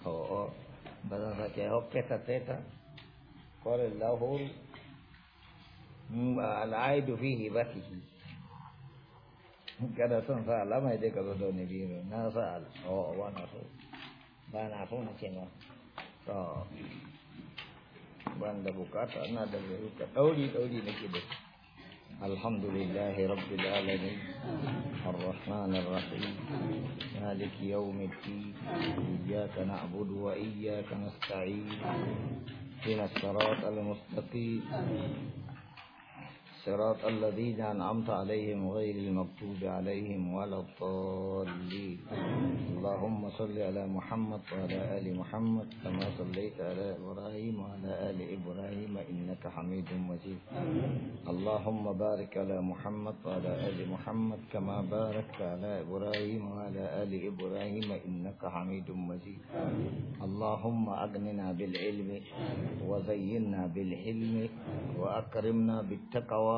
أو بدل هو كتا تيتا قال الله العيد فيه هبته كذا سن sa mm, alama dai ka zo نا wani biyu وانا sa alama wa na so ban da bukata ina da bukata dauri dauri nake da alhamdulillahi rabbil alamin arrahman arrahim maliki yawmiddin iyyaka na'budu wa iyyaka nasta'in ihdinas الصراط الذين أنعمت عليهم غير المغضوب عليهم ولا الضالين اللهم صل على محمد وعلى آل محمد كما صليت على إبراهيم وعلى آل إبراهيم إنك حميد مجيد اللهم بارك على محمد وعلى آل محمد كما باركت على إبراهيم وعلى آل إبراهيم إنك حميد مجيد اللهم أغننا بالعلم وزينا بالحلم وأكرمنا بالتقوى